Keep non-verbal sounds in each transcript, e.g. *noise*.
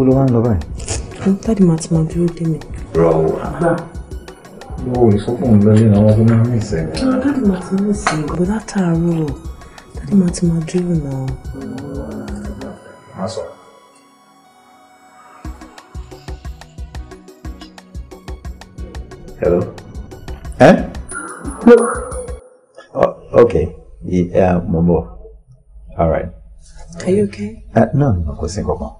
ibo ló wá ń lọ báyìí. dáàdì máa ti máa dúró dé mi. rọ àgbà yóò ìsọfún lọlé náà wọn fún mi ní ìsẹ̀lẹ̀. dáàdì máa ti ní ìsẹ̀lẹ̀ bó látàárọ̀ dáàdì máa ti máa dúró náà. má sọ. hello. ẹ. No. Oh, okay. Yeah, eh, mo ń bọ̀. All right. Are you okay? Uh, no, no, kò sí nǹkan kan.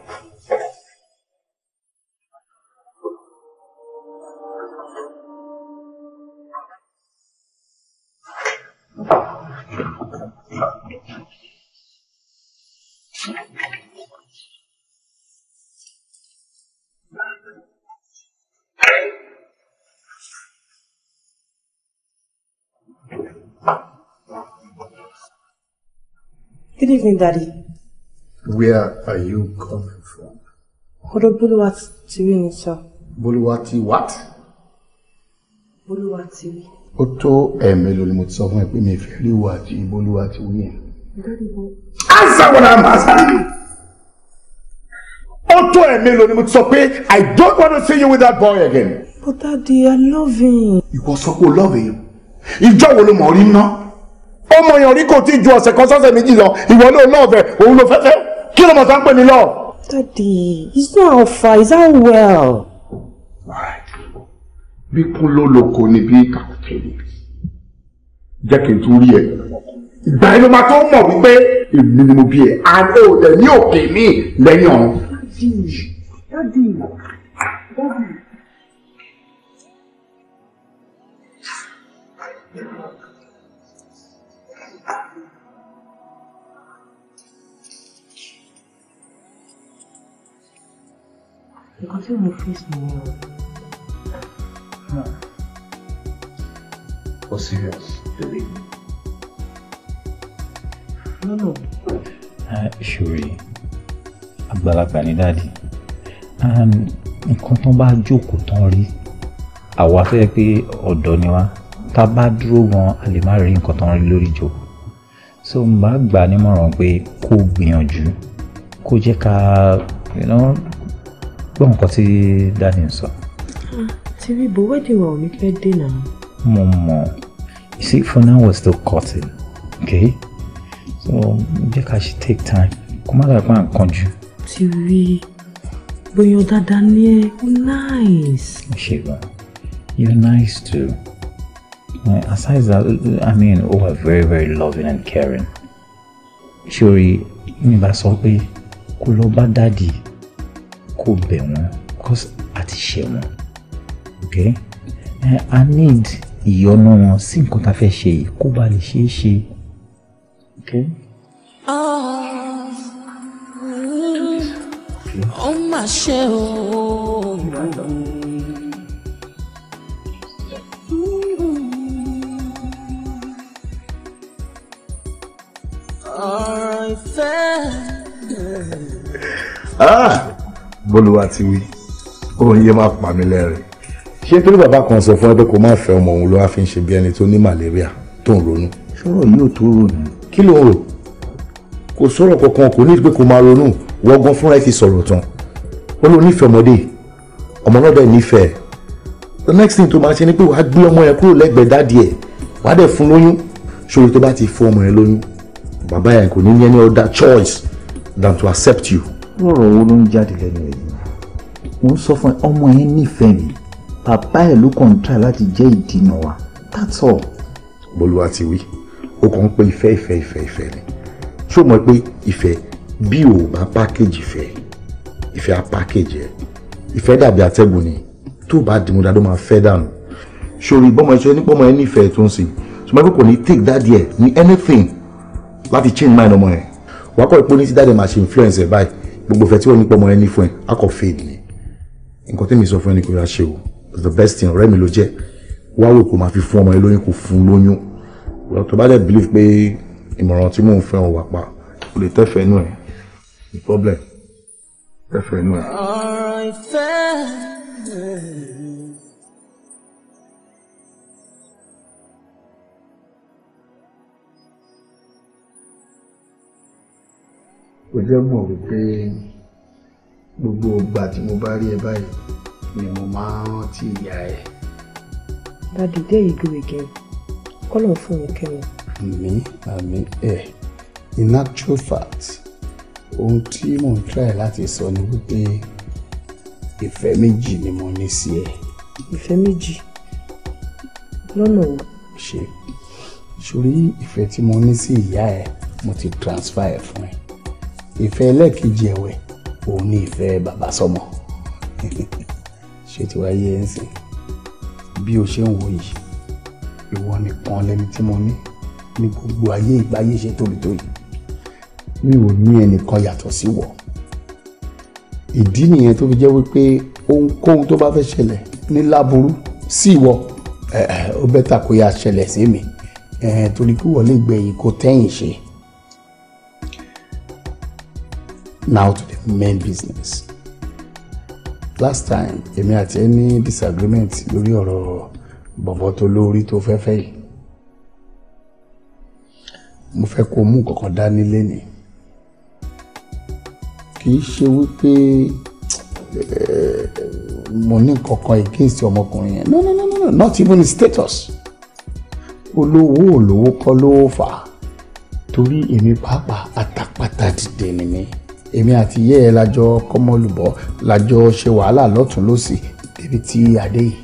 Good evening, Daddy. Where are you coming from? Odo Buluwati Tiwi, sir. Buluwati what? Buluwati Tiwi. ó tó ẹ̀ẹ̀mélòó ni mo ti sọ fún ẹ pé mi fẹ́ rí ìwà àti ìbolúwa àti wúyẹ. answer what I'm asking you. ó tó ẹ̀ẹ̀mélòó ni mo ti sọ pé I don't want to see you with that boy again. but daddy I love him. ìwọ sọ pé o love him ìjọ wo ló mọ̀ rí ná ọmọ yẹn rí kò tí ju ọ̀sẹ̀ kan sọ́sẹ̀ méjì lọ ìwọ ló lọ́ọ̀bẹ òun ló fẹ́fẹ́ kí ló mọ̀ sá ń pè mí lọ. daddy he's not how far he's not well. All right bí kún ló lóko ni bí kàkùtẹ̀ ni jẹ́ kí n tún rí ẹ̀ ìgbà yẹn ló máa tó mọ̀ wípé èmi ni mo bí ẹ̀ and o dẹ̀ ní òkè mi lẹ́yìn ọ̀run. dádì dádì nǹkan tí mo was serious, believe me. No, no. Uh, Ṣúrì, àgbàlagbà ni dáàdì. Nǹkan tán bá jókòó tán rí. Àwa fẹ́ pé ọ̀dọ́ ni wá. Tá a bá dúró gan, a lè má rí nǹkan tán rí lórí ìjókòó. So n bá gbà nímọ̀ràn pé kó gbìyànjú kó jẹ́ ká gbọ́ nǹkan tí dáàdì ń sọ. Terry, but wedding wa ò ní pẹ́ dé náà. Mo You see, for now we're still cutting, okay? So, jẹ́ ká ṣe take time. Kò má and nǹkan jù. Terry, bóyá dáadáa ni ẹ, o nice. Ṣèwà, you're nice too. aside that, I mean, oh, we're very, very loving and caring. Ṣorí, me bá sọ pé daddy, ko be dádì kó bẹ̀ cause àti ṣẹ̀ okay uh, eh, i need ìyọnu wọn sí nǹkan tá a fẹ́ ṣe yìí kó ba lè ṣeé ṣe okay. ó mà ṣe o. ọ̀rọ̀ ìfẹ́. Ah! bólúwa ti wí òun yẹ pa mí lẹ́rìn ṣé nítorí bàbá kan sọ fún ẹ pé kó má fẹ́ ọmọ òun ló wá fi ń ṣe bí ẹni tó ní malaria tó ń ronú. sọ̀rọ̀ yóò tó ronú. kí ló ń rò kò sọ̀rọ̀ kankan kò ní pé kó máa ronú wọ́gbọ́n fúnra ẹ ti sọ̀rọ̀ tán ó ló nífẹ̀ẹ́ ọmọdé ọmọ náà dẹ̀ nífẹ̀ẹ́ the next thing tó máa ṣe ni pé wàá gbé ọmọ yẹn kúrò lẹ́gbẹ̀ẹ́ dáàdì ẹ̀ wàá dẹ̀ fún lóyún ṣòro tó bá ti fún ọmọ yẹn lóyún bàbá yẹn kò ní ní any other choice than to accept you. rọ̀rọ̀ wo ló ń jáde lẹ́nu ẹ̀yìn mo ń sọ fún ẹ ọmọ yẹn nífẹ̀ẹ́ mi Papa, ẹ̀ ló kàn ń láti jẹ́ ìdìnà wa that's all. bolúwa ti wí ó kàn ń pé ìfẹ́ ìfẹ́ ìfẹ́ ìfẹ́ ni ṣó mọ̀ pé ìfẹ́ bí ò bá pákéjì ìfẹ́ ìfẹ́ á pákéjì ẹ̀ ìfẹ́ dàbí atẹ́gùn ni tó bá dìmú dáadọ́ máa fẹ́ dànù ṣòrí bọ́mọ iṣẹ́ nípọ́mọ ẹ nífẹ̀ẹ́ tó ń sìn ṣùgbọ́n kò ní take that there ni anything láti change mind ọmọ yẹn wàá kọ́ ìpò ní ti dáadẹ́ máa ṣe influence ẹ̀ báyìí gbogbo ìfẹ́ tí wọ́n nípọ́mọ ẹ ní fún ẹ á kọ́ fade ni nǹkan tẹ́mi sọ fún ẹ ní kò yá ṣe o the best thing ọ̀rẹ́ mi ló jẹ́ wá wò kó máa fi fún ọmọ yẹn lóyún kó fún lóyún well tó bá dẹ̀ believe pé ìmọ̀ràn tí mò ń fẹ́ wọn wà pa kò lè tẹ́fẹ̀ẹ́ inú ẹ̀ the problem tẹ́fẹ̀ẹ́ inú ẹ̀. ọ̀rọ̀ ìfẹ́ kò jẹ́ mọ̀ wípé gbogbo ìgbà tí mo bá rí ẹ báyìí ni mo máa ń rántí ìyá ẹ. Daddy, there you go again. Call on fún mi kẹ́wọ̀n. Àmì àmì ẹ̀ in actual fact ohun tí mò ń try láti sọ ni wípé ìfẹ́ méjì ni mo ní sí ẹ. Ìfẹ́ méjì lọ́nà o. Ṣé sórí ìfẹ́ tí mo ní sí ìyá ẹ mo ti transfer ẹ fún ẹ ìfẹ́ ẹlẹ́ẹ̀kejì ẹ̀wẹ̀ òun ni ìfẹ́ bàbá sọmọ. *laughs* ṣe ti wáyé ẹ̀ ń sìn bí o ṣe ń wò yìí ìwọ nìkan lẹni tí mo ní ní gbogbo ayé ìgbáyé ṣe tóbi tó yìí mi ò ní ẹnìkan yàtọ̀ sí wọ ìdí nìyẹn tó fi jẹ́ wípé ohunkóhun tó bá fẹ́ ṣẹlẹ̀ ní láburú sí ìwọ eh, ó bẹ́tà kó yá ṣẹlẹ̀ sí mi eh, torí kí wọ́n lè gbẹ̀yìn kó tẹ́yìn ṣe now to the main business last time èmi àti ẹ ní disagreement lórí ọ̀rọ̀ bọ̀bọ̀ tó lórí tó fẹ́ fẹ́ yìí mo fẹ́ kó mú kankan dání léni kì í ṣe wípé eh, mo ní kankan against ọmọkùnrin yẹn no no no no not even status olówó olówó kọ́ lówó fà á torí èmi pàápàá àtàpàtà dìde ni mi èmi àti ìyá ẹ lájọ kọ́mọlùbọ́ lájọ ṣe wàhálà lọ́tún lọ́sì débi tí adé yìí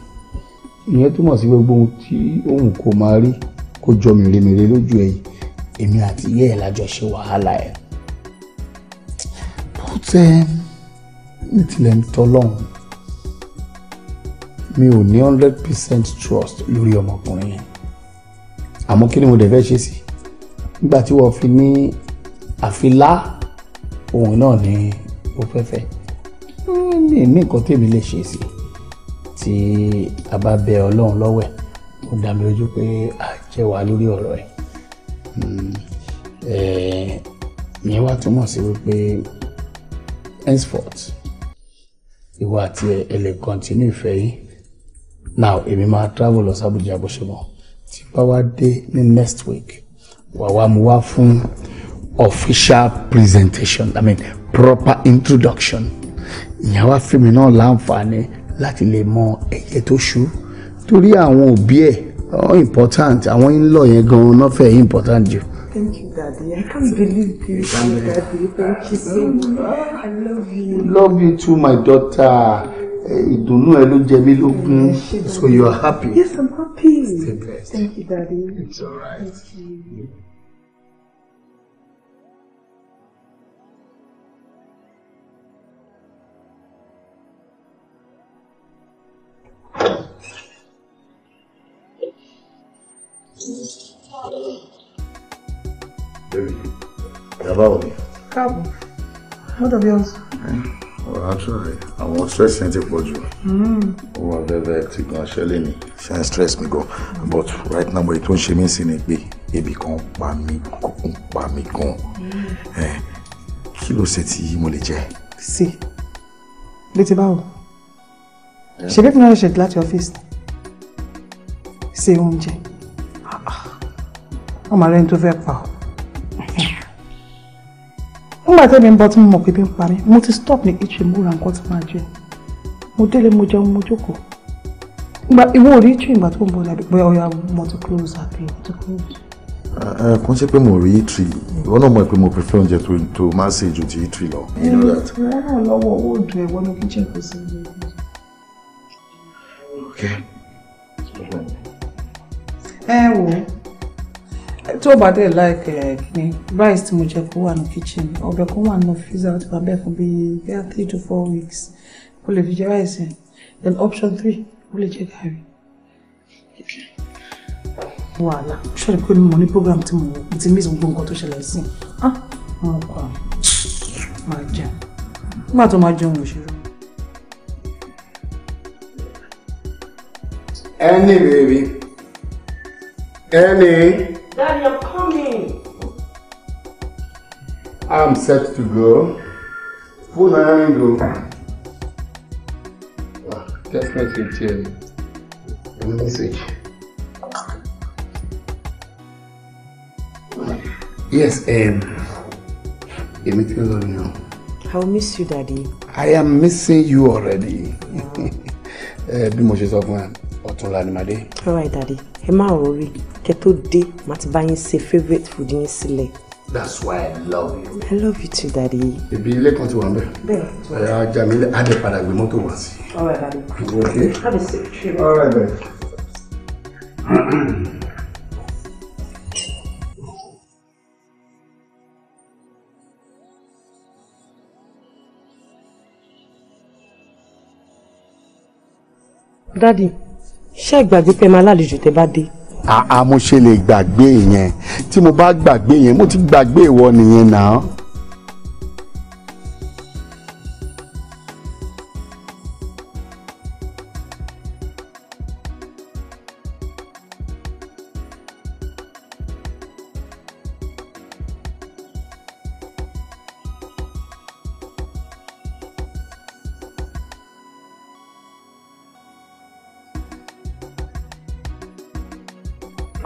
ìyẹn túmọ̀ sí gbogbo ohun tí òun kò máa rí kó jọ mèremère lójú ẹ yìí èmi àti ìyá ẹ lájọ ṣe wàhálà ẹ. bùtẹ́ eh, ní tilẹ̀ ń tọ́lọ́hún mi ò ní hundred percent trust lórí ọmọkùnrin yẹn àmọ́ kí ni mo dẹ̀ fẹ́ ṣe sí nígbà tí wọ́n fi ní àfilá òun náà ni ó fẹ́ fẹ́ ní ní nǹkan tèmi lè ṣe sí tí a bá bẹ ọlọ́run lọ́wẹ̀ ó dá mi lójú pé a jẹ́ wa lórí ọ̀rọ̀ ẹ̀ hmm, ìyẹn wá túmọ̀ sí wípé henceforth ìwọ àti ẹ lè continue ìfẹ́ yín now èmi máa travel lọ sábùjá bó ṣe mọ̀ tí bá wá dé ní next week wàá wá mu wá fún official presentation i mean proper introduction ìyẹn wá fún mi náà láǹfààní láti lè mọ ẹyẹ tó ṣú torí àwọn òbí ẹ ọ important àwọn in-law yẹn gan-an náà fẹ́ important jù. Thank you, Daddy. I can't believe you, I love you. Love you too, my daughter. Eh, ìdùnnú ẹ ló jẹ mí lógún. So you are happy? Yes, I'm happy. Thank you, Daddy. It's all right. Báwo ni? Káàbọ̀. What of yours? Well, actually, àwọn stress yẹn ti pọ̀ jù. Hmm. Ó wà bẹ́ẹ̀ ti gan stress mi gan? But right now, èyí tó ń ṣe mí sí ni pé ebi kan pa mí kan pa mí gan. Hmm. Kí ló ṣe tí mo lè jẹ? Sí. Létí báwo? ṣebí mi náà ṣètò láti ọ́fíìsì ṣe oúnjẹ wọ́n máa lẹ́ni tó fẹ́ pa ọ́ nígbà tẹ́mi ń bọ́ tí mo mọ̀ pé bí ń pa mí mo ti stop ní ìtì múra nǹkan tí máa jẹ mo délé mo jẹun mo jókòó ìgbà ìwọ ò rí ìtì ìgbà tó ń bọ̀ lábẹ́ pé ọ̀ya mo ti close àbí mo ti close. ẹ kò ń ṣe pé mo rí ìtì ìwọ náà mọ̀ pé mo prefer oúnjẹ tó máa ṣe ju ti ìtì lọ. ìwọ náà lọ́wọ́ owó òdù ẹ̀wọ́ ní kíchìn kò sí ilé ẹ wò tó bá dé láìkẹ eh, kí ni rice tí mo jẹ kó wà ní kitchen ọbẹ̀ kó wà ní freezer ó ti wà bẹ́ẹ̀ fún bíi bíi three to four weeks o lè fi jẹ rice yẹn then option three o lè jẹ gàrí. wàhálà ṣọlẹ pé mo ní program tí mo wò ti miss gbogbo nǹkan tó ṣẹlẹ̀ sí i ah wọn kọ àwọn máa jẹun nígbà tó máa jẹun òṣèré. Annie, baby. Annie. Daddy, I'm coming. I'm set to go. Full angle. Ah, just Text message here. A message. Yes, um, a meeting on you. I'll miss you, Daddy. I am missing you already. *laughs* Eh, bí mo ṣe sọ fún ẹ ọ̀túnla ni màdé. alright daddy ẹ má worry kẹ́ tó dé màá ti bá yín ṣe favourite food yín sílẹ̀. That's why I love you. I love you too, daddy. Ibi ilé kan ti wà nbẹ. Bẹ́ẹ̀. Ọ̀ya ajá mi lé adé padà gbé mọ́tò wá sí. All right, daddy. You okay? Have a safe trip. All right, babe. daddy ṣé ìgbàgbé pé máa lálejò tẹ bá dé. àà mo ṣe lè gbàgbé yẹn tí mo bá gbàgbé yẹn mo ti gbàgbé ìwọ nìyẹn náà.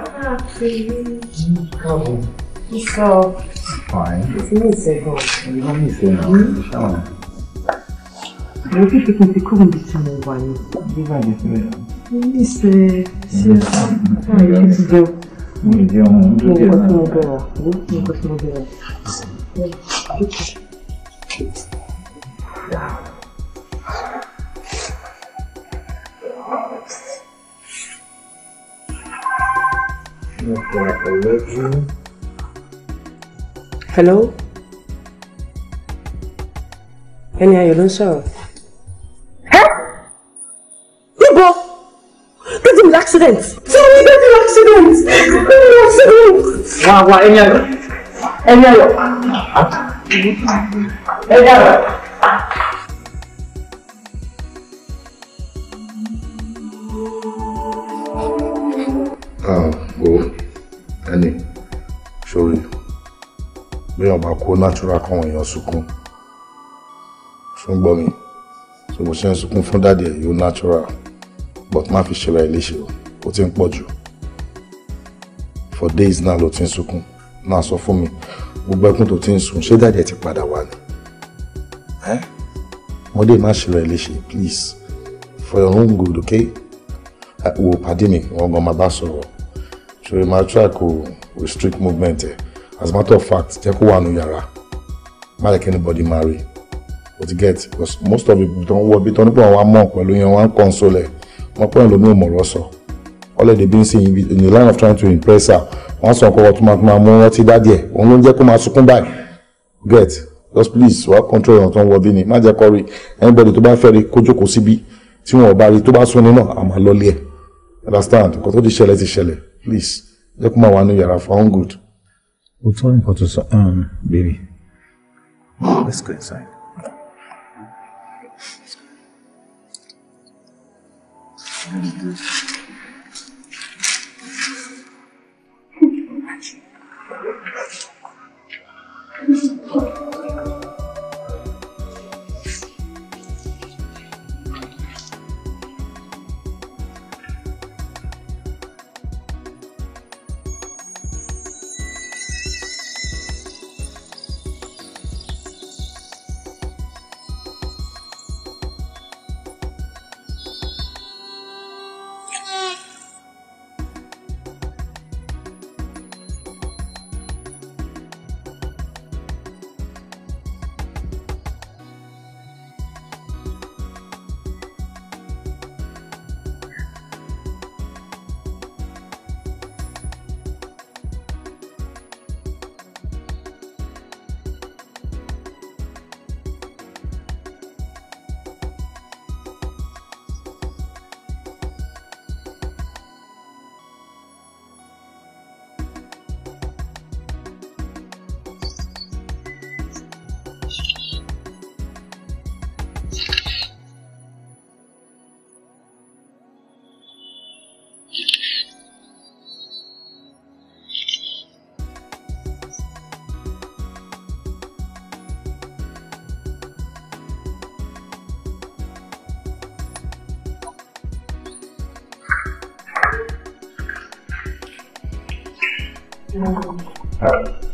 Ah, please. Cavolo. Isso. Fine. Isso não sei como. Não me sei não. Chama. Eu que fico com como disse meu pai. Que vai desse mesmo? Isso. Se eu não me deu. Me deu um. Não gosto de moderar. Não gosto de moderar. where I love you. Hello? Ẹni ayọ̀ ló You sọ̀rọ̀. Ẹ́ níbo? Bẹ́ẹ̀ni mi l'accident. Tí mo ní bẹ́ẹ̀ni l'accident. Bẹ́ẹ̀ni mi l'accident. kó natural káwọn èèyàn sunkún fún gbọ́ mi so mo ṣe ń sunkún fún dáàdì ẹ̀ yóò natural but má fi ṣẹlẹ̀ iléṣẹ́ o ó ti ń pọ̀ jù for days náà ló ti ń sunkún náà sọ fún mi gbogbo ẹkún tó ti ń sun ṣé dáàdì ẹ̀ ti padà wá ni wọ́n dé má ṣẹlẹ̀ iléṣẹ́ please for your own good okay wo pàdé mi wọ́n gan máa bá sọ̀rọ̀ ṣòro máa try kó restrict movement ẹ̀. Eh as a matter of fact jẹ́ kó wà nù yàrá má lè kí anybody marry o ti get because most of the people tó ń wọ ibi tó nípa àwọn amọ̀ pẹ̀lú yẹn console My point is lómi ò mọ̀rọ̀ sọ ọlẹ́dẹ̀ bí ń sìn in the line of trying to impress her Once I nǹkan out to my máa mú rántí dádì ẹ̀ òun ló ń jẹ́ kó máa get just please wàá control ọ̀nà tó ń wọ bí ni má jẹ́ kọ́ anybody to buy fẹ́ rí kó jókòó síbi tí wọn ò bá I'm a bá sún ní náà àmọ́ lọ́lé ẹ̀ understand nǹkan tó ti ṣẹlẹ̀ ti ṣẹlẹ̀ please jẹ́ kó máa wà ní yàrá for own good. We'll try and put us um baby. Let's go inside. Thank *laughs* you.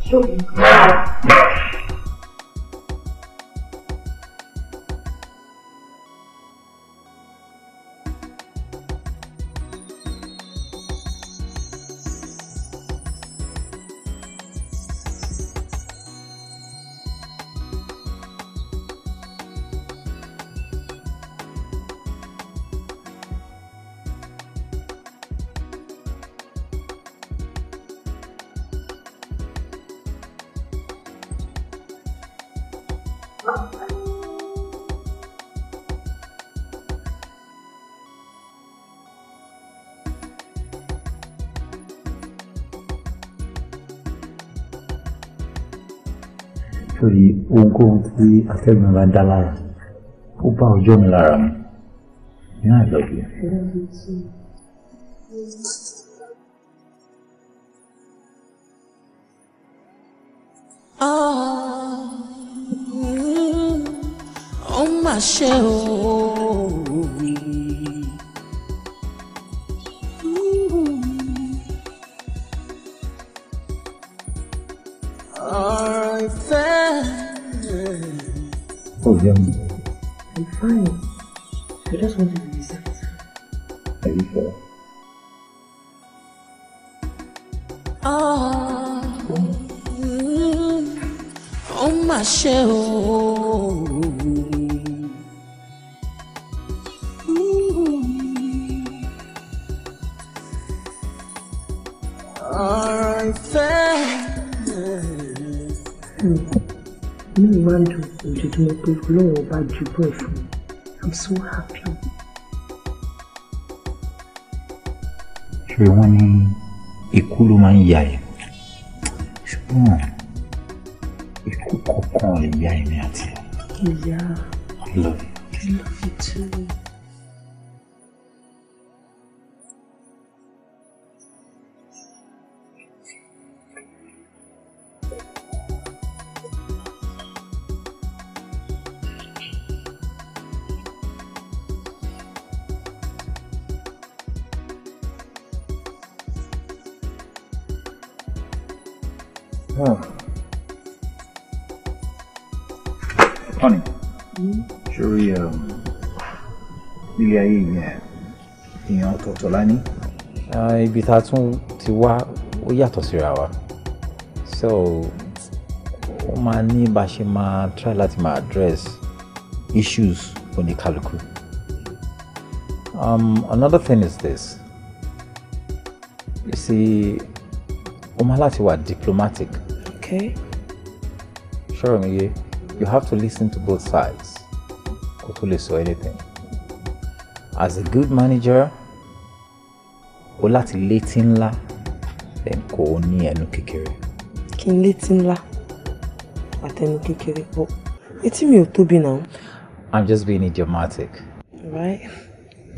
救命！ohunkóhun tí atẹ́gùn bá dá lára ó bá ọjọ́ mi lára mu ní àìlọ́gbìn. Oh, oh, ah, my mm, show. má ṣe o. ọ̀rọ̀ ìfẹ́. inú mi máa ń dùn ojoojúmọ́ pé ọlọ́run ọba ju bọ́ẹ̀ fún mi i'm so happy. ṣé wọ́n ní ikú ló máa ń yà ẹ́ ṣùgbọ́n kọ́kàn lè bí àyè mi àti ẹ. i love you. i love you too. Tọ́lání. Ah, ibi tá tún ti wá ó yàtọ̀ síra wa so ó máa ní bá ṣe máa try láti máa address issues oníkálukú. Um, another thing is this you see ó máa láti wà diplomatic. okay. sure mi you have to listen to both sides kó tó lè sọ anything. As a good manager, o láti létí ńlá then kò ní ẹnu kékeré. kí n létí ńlá àtẹnu kékeré bọ etí mi ò tóbi náà. i'm just being idiomatic. right.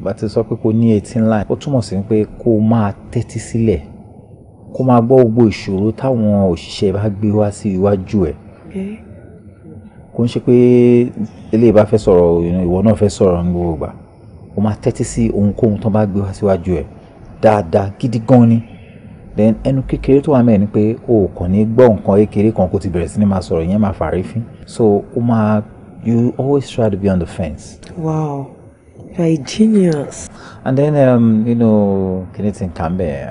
bá ti sọ pé kò ní etí ńlá ó túmọ̀ sí pé kó o máa tẹ́tí sílẹ̀ kó máa gbọ́ gbogbo ìṣòro táwọn òṣìṣẹ́ bá gbé wá sí iwájú ẹ̀ kò ń ṣe pé eléyìí bá fẹ́ sọ̀rọ̀ ìwọ náà fẹ́ sọ̀rọ̀ ní gbogbo ìgbà kó máa tẹ́tí sí ohunkóhun tó bá gbé wá síwájú ẹ̀ dáadáa gidi gan ni then ẹnu kékeré tó wà mẹ́rin ni pé o kàn ní gbọ́ nǹkan kékeré kan kó ti bẹ̀rẹ̀ sí ni máa sọ̀rọ̀ ìyẹn máa fàrífín so o máa you always try to be on the fence. wow you are a genius. and then um, you know kìnìtì kàmbẹ̀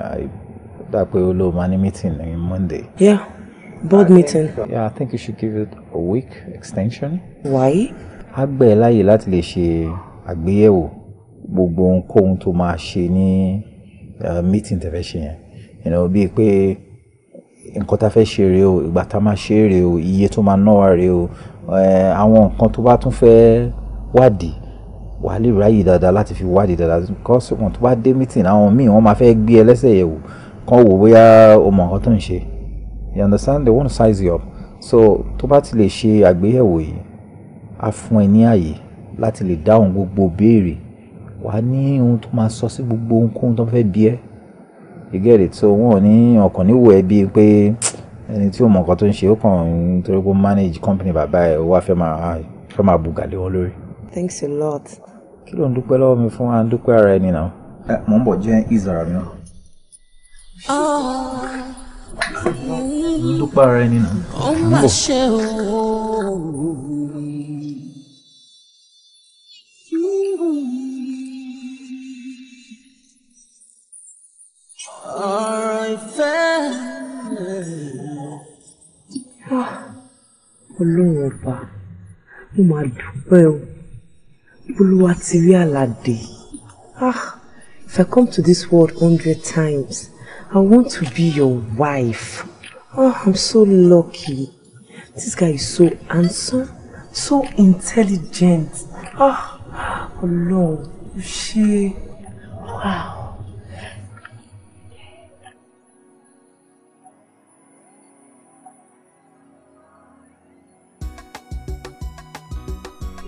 dà pé o lo money meeting on monday. yeah board I meeting. Think, yeah I think you should give it a week extension. why. a gbẹ̀ láyè láti lè ṣe àgbéyẹ̀wò gbogbo ohunkóhun tó máa ṣe ní. Uh, meeting tẹ́ ṣe yẹn you know bíi pé nǹkan tá a fẹ́ ṣe rèé o ìgbà tá a máa ṣe rèé o iye tó máa ná rèé o eh, àwọn nǹkan tó bá tún fẹ́ wádìí wà á lè ráyè dáadáa láti fi wádìí dáadáa because wọn tó bá dé meeting àwọn míì wọn máa fẹ́ gbé ẹ lẹ́sẹ̀ yẹ̀ wò kán wò bóyá o mọ̀ nǹkan tó ń ṣe you understand they want to size you up so tó bá ti lè ṣe àgbéyẹ̀wò yìí á fún ẹ ní àyè láti lè dáhùn gbogbo béèrè wà ní ohun tó máa sọ sí gbogbo ohunkóhun tó fẹ́ bí ẹ́ you get it so wọn ò ní ọkàn níwò ẹ bíi pé ẹni tí ò mọ tó ń ṣe ó kàn nítorí pé manage company bàbá ẹ wá fẹ́ máa fẹ́ máa bùgà lé wọn lórí. thanks a lot. kí ló ń dúpẹ́ lọ́wọ́ mi fún wa ń dúpẹ́ ara ẹni náà. ẹ mò ń bọ̀ jẹ́ ìzara mi dúpẹ́ ara ẹni náà. ó mà ṣe o. ọ̀rọ̀ ìfẹ́. ọlọ́run ọba mo máa dúpẹ́ o olúwa ti rí àlàdé ah if i come to this world hundred times i want to be your wife oh i'm so lucky this guy is so handsome so intelligent ah ọlọ́run ṣe wow.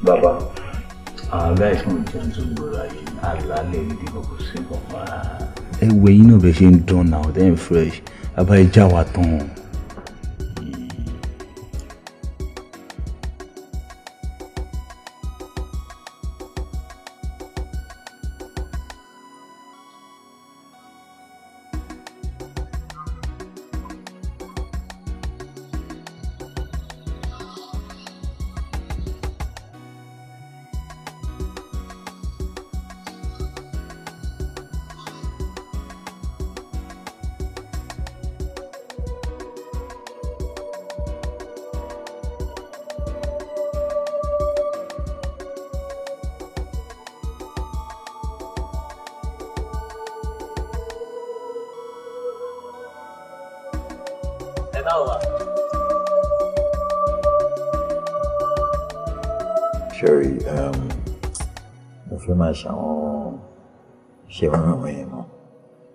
bàbá aláìsàn jẹun tó gbòòrò ayé àlàálẹ̀ ìdí kòkó sí kọ̀ọ̀kan. ẹ wo eyín náà bẹ ṣe ń dán náà ọ̀dẹ́ ń fresh abáyé já wa tán.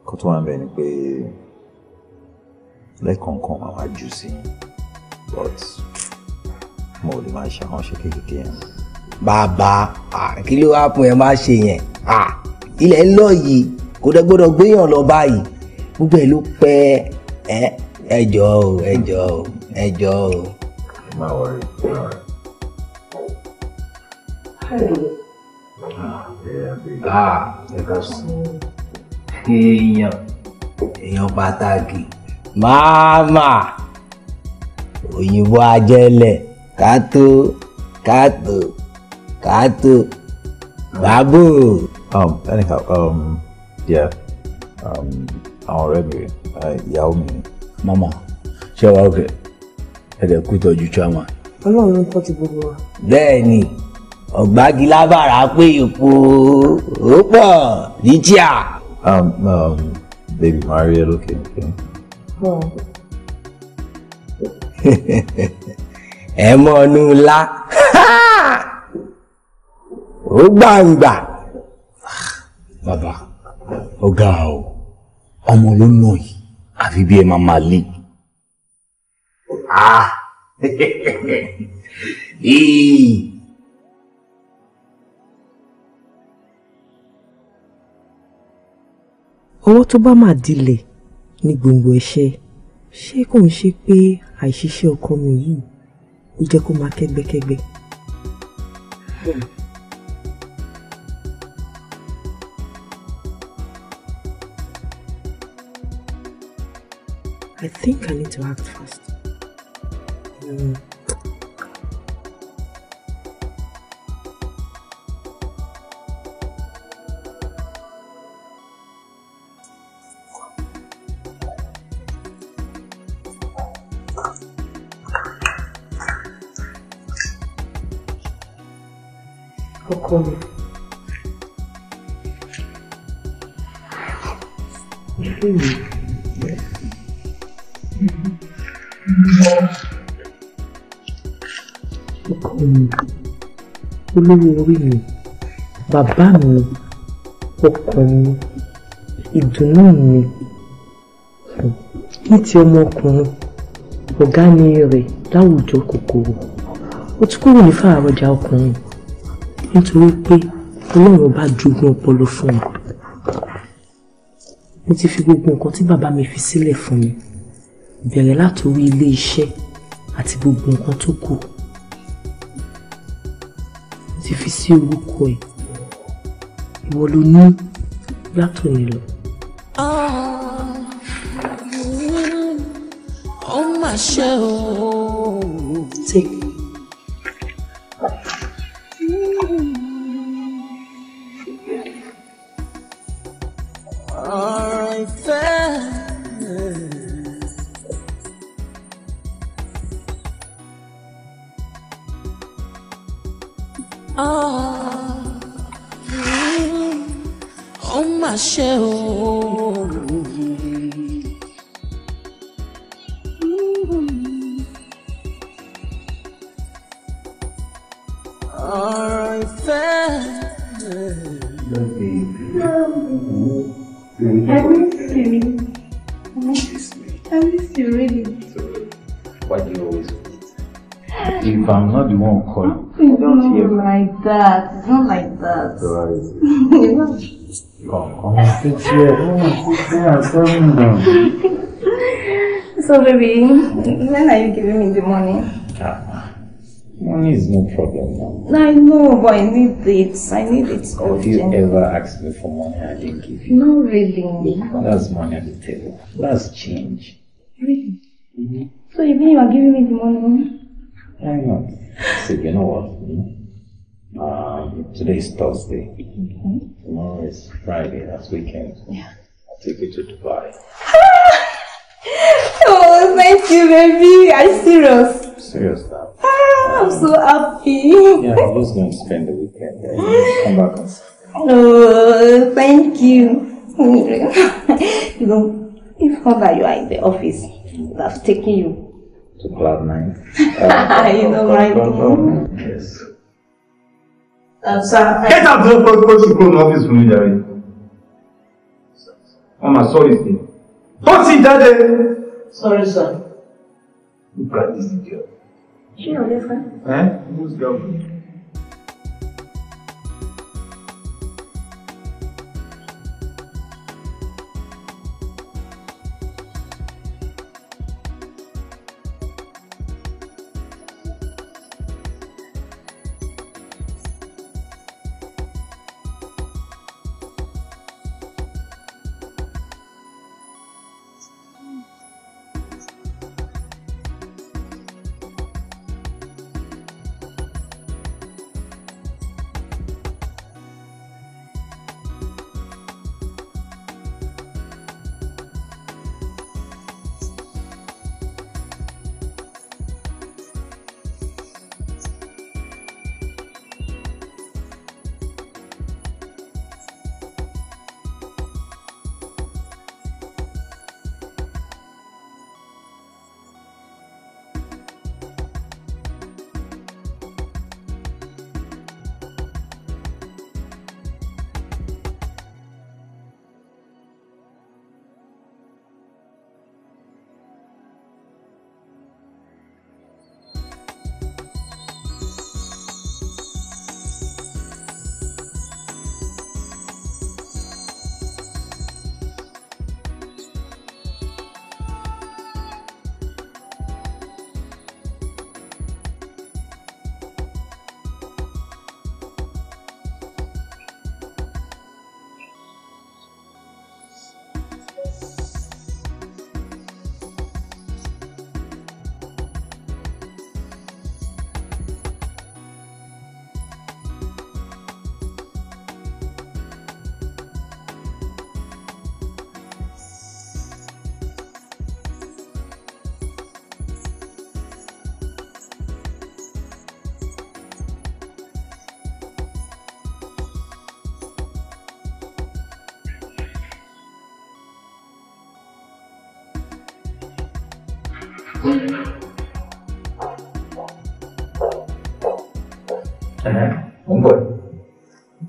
kó tó wà ń bẹ̀ ni pé lẹ́ẹ̀kọ̀ọ̀kan màá wá jù sí but mo ò lè máa ṣe àwọn ṣe kéékèèké yẹn. bàbá kí ló wá pọn ẹ máa ṣe yẹn ilẹ̀ ń lọ yìí kò dẹ gbọ́dọ̀ gbéyàn lọ báyìí gbogbo ẹ̀ ló pẹ́ ẹjọ́ o ẹjọ́ o ẹjọ́ o. má wọrí má wọrí. Ah, yeah, big. Ah, èèyàn èèyàn pàtàkì máàmá òyìnbó ajẹ́lẹ̀ kátó kátó kátó bàbò. um anyhow um yeah um àwọn ọ̀rẹ́ mi uh, ìyàwó mi. mama ṣé wàá òkè ẹ dẹ̀ kú ìtọ́jú chairman. ọlọ́run ló ń gbogbo wa. bẹ́ẹ̀ ni ọ̀gbági lábàrá pé ipò ó pọ̀ níjà. Um, um, baby Mario looking thing. Oh. Ẹ̀mọ́ nula. ńlá. *laughs* Ó gbàǹgbà. Bàbá, ọ̀gá o, ọmọ ló nà yìí, àfi bí ẹ máa *laughs* ọwọ́ tó bá mà dilẹ̀ ní gbòǹgbò ẹ̀ṣẹ̀ ṣé kò ń ṣe pé àìṣiṣẹ́ ọkọ mi yìí ó jẹ́ kó máa kẹ́gbẹ́kẹ́gbẹ́. Hmm. I think I need to act fast. Mm. ọkọ mi. ọkọ mi olówó orí mi bàbá mi ọkọ mi ìdùnnú mi ní ti ọmọkùnrin ọ̀gá ni rẹ̀ láwùjọ kòkòrò ó tún kúrò ní fàárọ̀jà ọkùnrin nítorí pé ọlọ́run bá jogún ọpọlọ fún mi mo ti fi gbogbo nǹkan tí bàbá mi fi sílẹ̀ fún mi bẹ̀rẹ̀ látòrí ilé iṣẹ́ àti gbogbo nǹkan tó kù mo ti fi sí orúkọ ẹ̀ ìwọ ló ní látòní lọ. Ah, ó mà ṣe take *laughs* so baby, when are you giving me the money? Ah, money is no problem now. I know, but I need it. I need it Have you ever asked me for money I didn't give you? No, really. That's money at the table. That's change. Really? Mm -hmm. So you mean you are giving me the money? Why not? So you know what? You hmm? know? Um, today is Thursday. Okay. Mm-hmm. Tomorrow is Friday. That's weekend. Yeah. I'll take you to Dubai. *laughs* oh, thank you, baby. Are you serious? Serious now. Ah, I'm so happy. yeah, I'm just going to spend the weekend. come back and Oh, thank you. you know, if not that you are in the office, i have taken you. To cloud nine. Uh, *laughs* you know, right? Yes. Get out of the office kó kúrò ní ọ́fíìsì fún mi jàre. sorry, sir. sọ̀rọ̀ ìsìn. Tó ti Sorry sir. Look at this girl. Ṣé o lè fẹ́? Ẹ́ who's girlfriend?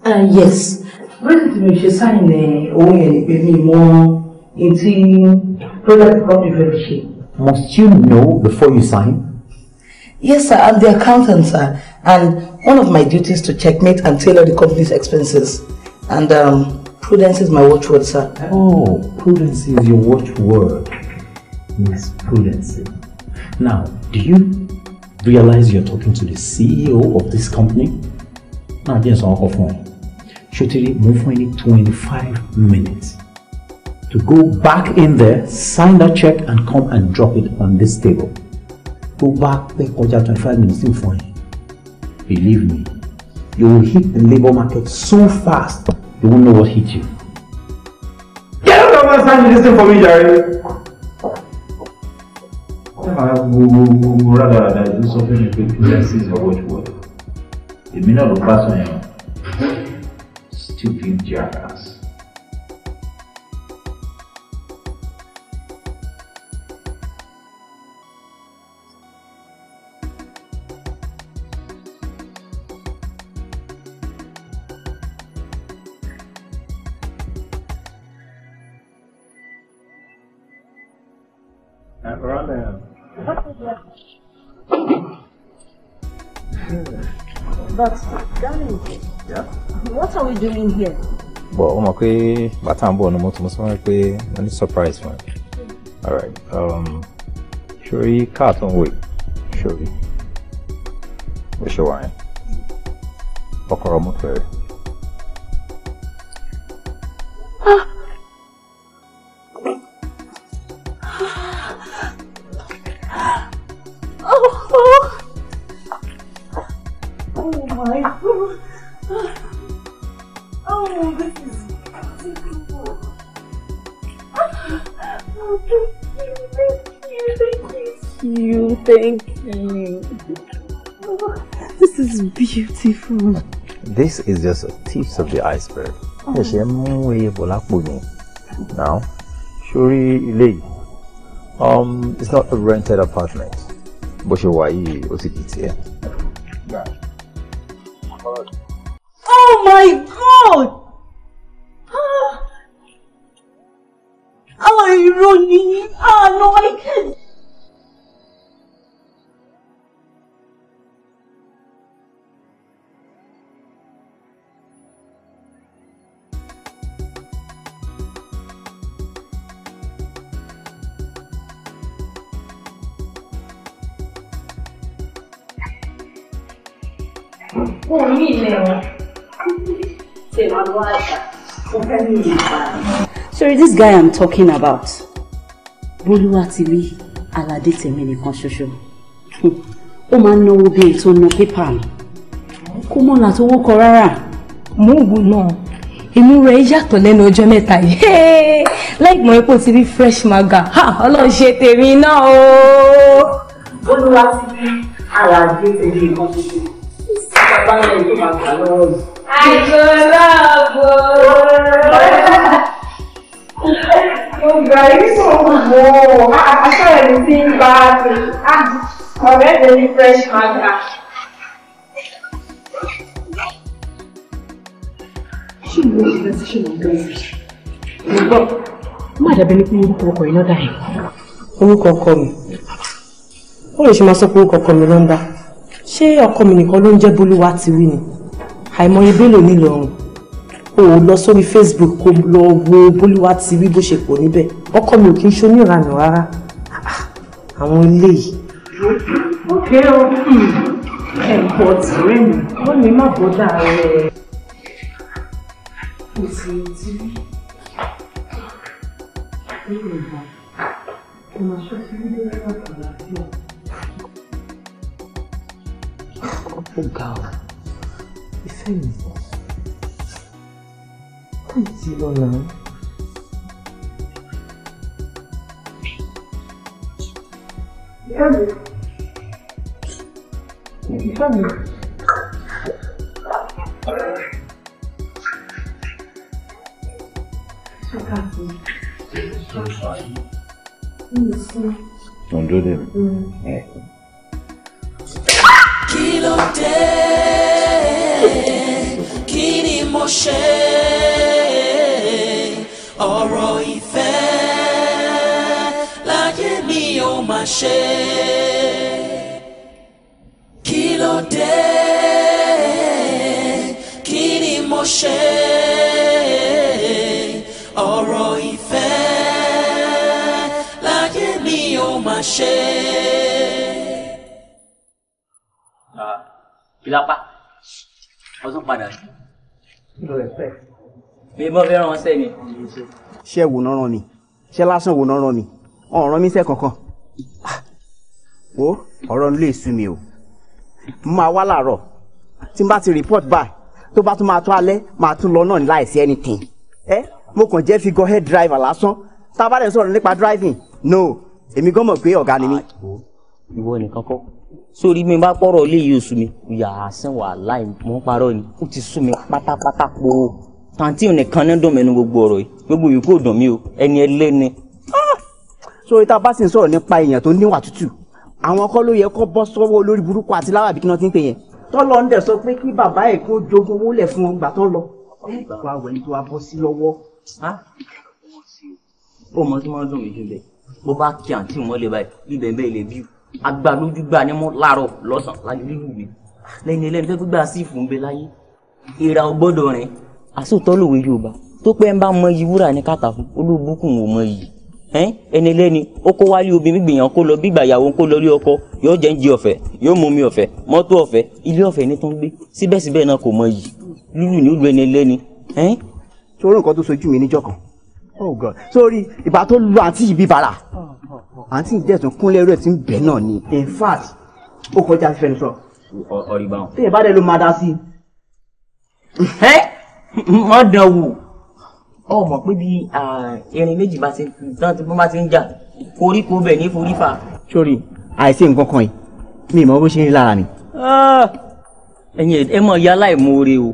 Uh, yes. recently she signed a way ni owo yen ni company Must you know before you sign? Yes, sir. I'm the accountant, sir. And one of my duties to checkmate and tailor the company's expenses. And um, prudence is my watchword, sir. Oh, prudence is your watchword. Miss Prudence. Now, do you realize you're talking to the CEO of this company? Now, just off phone. Shotiri move for any 25 minutes to go back in there, sign that check, and come and drop it on this table. Go back, pay Koja 25 minutes in for you. Believe me, you will hit the labor market so fast, you won't know what hit you. Get out of my sign this thing for me, Jerry! gbogbo rádaràdà ló sọ fún mi pé prudence is a watch word èmi náà ló bá sọ yẹn stupid jackass. you doing here? But ó mọ̀ pé bàtà ń bọ̀ ọ̀nà mọ́tò mo sọ fún mi surprise fún ẹ. Alright, Um. káà tó ń wò yìí, ṣorí, bó ṣe wà yẹn, ọkọ̀ ọ̀rọ̀ *laughs* This is just the tips of the iceberg. Ẹ oh. ṣe mú eye bọ̀ lápò ni. Now, sórí ilé yìí, um, it's not a rented apartment. Bó ṣe wà yìí, ó ti kìí tiẹ̀. Sorry, this guy I'm talking about, Bólúwatilé Aládé tèmi nìkan ṣoṣo. Ó máa ń náwó bí ètò ná pépà mi. Kó mọ́ là tó wọ́kọ rárá. Mò ń wò náà. Inú rẹ̀ yàtọ̀ lẹ́nu ọjọ́ yìí. Láì *laughs* mọ̀ epo ti rí fresh maga. Ọlọ́run ṣe tèmi náà o. Bólúwatilé Aládé tèmi nìkan ṣoṣo. Bàbá rẹ̀ Mo gbà yí sọ̀rọ̀ mọ́ ọ́, aṣọ́rẹ̀ mi ti ń bá a ti, ọ̀rẹ́ mi ní fresh maga. Ṣé ìlú ìgbà tí ṣe lọ gbọ́ yìí? Mo gbọ́, má dàbí ní pé orúkọ ọkọ̀ iná dà yìí. Orúkọ ọkọ mi. Ó lè ṣe máa sọ pé orúkọ ọkọ mi ló ń bá. Ṣé ọkọ mi nìkan ló ń jẹ́ Bolúwa ti ni? àìmọye bélò nílò ọrùn o ò lọ sórí Facebook kó lọ wo bólúwa ti wí bó ṣe pọ̀ níbẹ̀ ọkọ mi ò kí ń ṣe oníranù rárá ah, àwọn ilé yìí. ókè o ẹ̀ bọ̀ tìrẹ́ mi wọ́n ní má bọ́dà rẹ̀. kò sí etí rí nínú ìgbà kò máa ṣọ́ sí ilé ìwà kò láti ọ̀. ó ga ọ́. Jesus. Continue now. Come. Come. Ọjọ́ dé. Kí ló kí ni mo ṣe ọ̀rọ̀ ìfẹ́ láyé mi ò máa ṣe kí ló dé kí ni mo ṣe ọ̀rọ̀ ìfẹ́ láyé mi ò máa ṣe. Ìlàpá, ah, ọdún padà sí kí ló lè fẹ́. bí mo fẹ́ ràn wọ́n sẹ́yìn. ṣé wò náà ràn mí ṣé lásán wò náà ràn mí wọn ràn mí sẹ́ kankan wo ọ̀rọ̀ nílé ìsú mi o máa wá láàárọ̀ tí n bá ti report báyìí tó bá tún máa tó alẹ́ máa tún lọ náà láìsí anything ẹ mo kàn jẹ́ fi go head driver lásán tá a bá dẹ̀ sọ̀rọ̀ nípa driving no èmi gan mọ̀ pé ọ̀gá ni mí. Ah, ìwọ nìkan kọ́ sórí mi bá pọ̀rọ̀ lé yìí oṣù mi ìyá àṣẹ wà láì mọ́ parọ́ ni ó ti sú mi pátápátá po tàǹtí nìkan ní dùn mí ní gbogbo ọ̀rọ̀ yìí gbogbo yìí kò dùn mí o ẹni ẹlẹ́ni. Ah! so tá a bá sì ń sọ̀rọ̀ nípa èèyàn tó níwà tútù àwọn kọ́ ló yẹ kó bọ́ sọ́wọ́ olórí burúkú àti láwà bí kí wọ́n ti ń pè yẹn tọ́lọ́ ń dẹ̀ sọ pé kí bàbá ẹ̀ kó jogun owó lẹ̀ fún wọn gbà tó lọ wá wẹ̀ ní tó wá bọ́ sí lọ́wọ́ agbalójúgbà ni mo láàárọ̀ lọ́sàn-án láyé lílù mi lẹ́yìn eléyìí tó gbígbà sí ìfún bẹ láyé ìra ọgbọ́dọ̀ rìn. àsòtọ́ lòwe yorùbá tó pẹ́ ń bá mọ iyì wúrà ní kàtà fún olóòbùkún ò mọ iyì ẹni lẹ́ni ó kó wálé obìnrin gbìyàn kó lọ bígbà ìyàwó kó lọ rí ọkọ yóò jẹ́ ń jẹ ọ̀fẹ́ yóò mú mi ọ̀fẹ́ mọ́tò ọ̀fẹ́ ilé ọ̀fẹ́ ní tó ń gbé síbẹ̀síbẹ̀ náà kò mọ iyì lúlù ní ó lu ẹni lẹ́ni. sórí nǹkan tó sojú mi níjọ́ kan oh god sórí ìgbà tó lu àǹtí yìí bí àǹtí ìdẹ̀tún kúnlẹ̀ rẹ̀ ti ń bẹ̀ náà ni in fact ó kọjá sí fẹ́ni sọ. ọ̀rìgbà wọn. tí ìbádẹ́ ló máa dá sí i. ẹ mọ dán wò ọ mọ̀ pé bí erin méjì bá ti dán tí wọ́n bá ti ń jà koríko bẹ̀ ní forí fa. sórí àìsí nǹkan kan yìí mi ìmọ̀ bó ṣe ń rí lára mi. Ah, ẹ̀yin ẹ mọ̀ ìyá aláìmoore o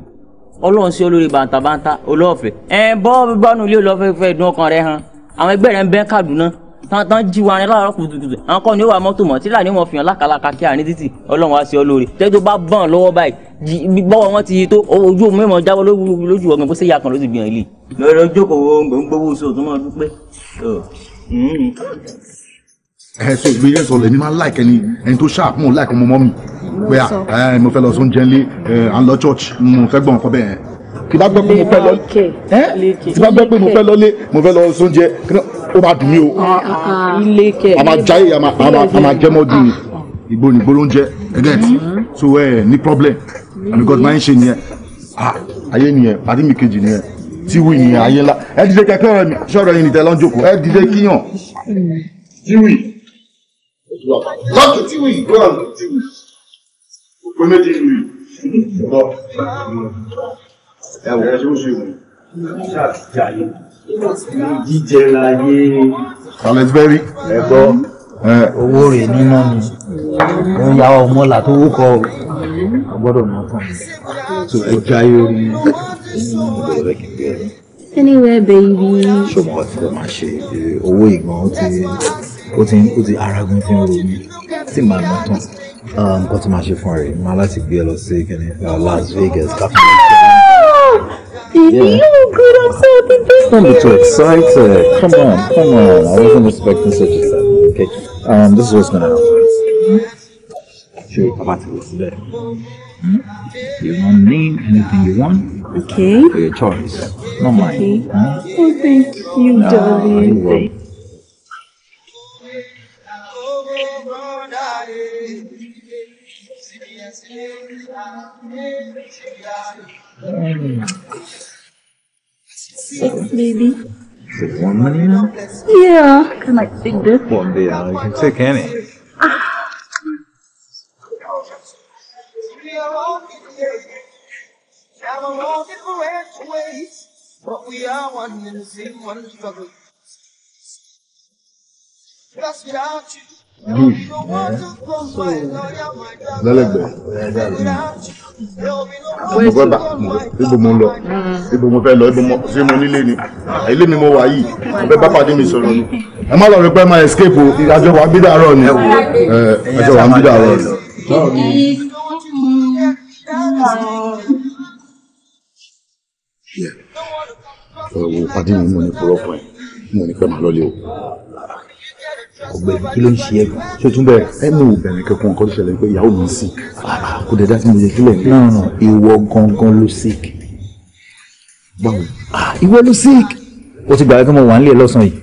ọlọ́run sí olórí bàǹtàbàǹtà olóòfẹ́ ẹ̀ bọ́ bọ́nu ilé olóòfẹ́ fẹ́ dún ọkàn rẹ hàn àwọn ẹgbẹ́ rẹ ń bẹ́ Kàdúná tán jí wa ni láàárọ̀ kùtùkùtù àwọn kan ní ó wà mọ́tò mọ́ tíra ni wọ́n fi hàn lákàlàkà kí àárín títì ọlọ́run á ṣe ọ lóore tẹ́tọ́ bá bọ̀n lọ́wọ́ báyìí bọ́wọ́ wọn ti tó ojú omi mọ̀ jábọ́ lójú ọ̀gbìn bó ṣe yà kan ló ti gbìyànjú lì. lọ́rọ̀ jókòó gbòǹgbòwò oṣù tó máa dúpẹ́. ẹ ṣe ìgbéyẹ sọlẹ ní máa ń láìkẹ ni ẹni tó ṣáà mú láìkẹ ọmọ mi pé à mo fẹ́ lọ sóúnjẹ ńlẹ à ń lọ church mo fẹ́ gbọ́n ọkọ bẹ́ẹ̀ tí bá gbọ́ pé mo fẹ́ lọ lé mo fẹ́ lọ sóúnjẹ ó máa dùn mí o ah, ah. Ah, a máa jáyé a máa jẹ́ mọ́dún ni ìgbó ni ìgbó ló ń jẹ́ ẹgẹ́t mm-hmm. so ẹ eh, ní problem and because máa ń ṣe nìyẹn ayé nìyẹn àdìmí kejì nìyẹn tí wì nìyẹn ayé ńlá ẹ dìde kẹkẹ rẹ mi sọ̀rọ̀ yìí nìtẹ lọ́njọ́kọ̀ ẹ dìde kíyàn tí wì lọ́kì tí wì gbọ́n tí wì òpè méjì wì lọ ẹ wò ẹ ṣe ó ṣe wì jíjẹ láyé. Alex Berry. Ẹ Owó rẹ̀ nínú ni. Ó ń yàwó ọmọlà tó wúkọ o. A gbọ́dọ̀ mọ̀ tán. So ẹ já yorì. Anywhere baby. Ṣùgbọ́n ọtí lè máa ṣe owó ìgbọ̀n ó ti ó ti ó ti aragun ti ń ro mi tí màá mọ̀ tán. Nǹkan tó máa ṣe fún ẹ máa láti gbé ẹ e lọ sí Las Vegas káfíńtì. Yeah. good, I'm so happy. Thank Don't be too excited. Come on, come on. I wasn't expecting such a thing. Okay. Um, this is what's gonna happen. Sure, i about to Hmm? You want name anything you want? Okay. For your choice. No mine. Okay. Huh? Oh, thank you, no, darling. You Thank you. Six, baby. Six one money now? Yeah. Can like take this one deal. You can take any. Ah. But we are one in the same one struggle. Just without you. Bush lẹ́lẹ́gbẹ̀ẹ́ mo fẹ́ bà ibo mo ń lọ mm. ibo mo fẹ́ lọ ibo mo ṣé mo nílé ni ilé mi mo wà yìí mo fẹ́ bá pàdé mi sọ̀rọ̀ ni ẹ má lọ rí pé ẹ máa escape o àjọ wa ń bí dàárọ̀ ni àjọ wa ń bí dàárọ̀ ni. ọ̀rọ̀ wo pàdé mi mo ní pọ̀lọ́pọ̀ ẹ̀ mo ní pẹ́ máa lọ́lé o ọ̀gbẹ́ni kí ló ń ṣe ẹgbẹ. ṣé tún bẹ ẹ mi ò bẹ̀rẹ̀ kẹkọọ nǹkan tó ṣẹlẹ̀ pé ìyàwó mi sì kò dé dá sí mi jẹ sílẹ̀. náà nà ìwọ gangan ló sick. báwo ìwọ ló sick. o ti gbàgbé kí mo wà nílé lọ́sàn-án yìí.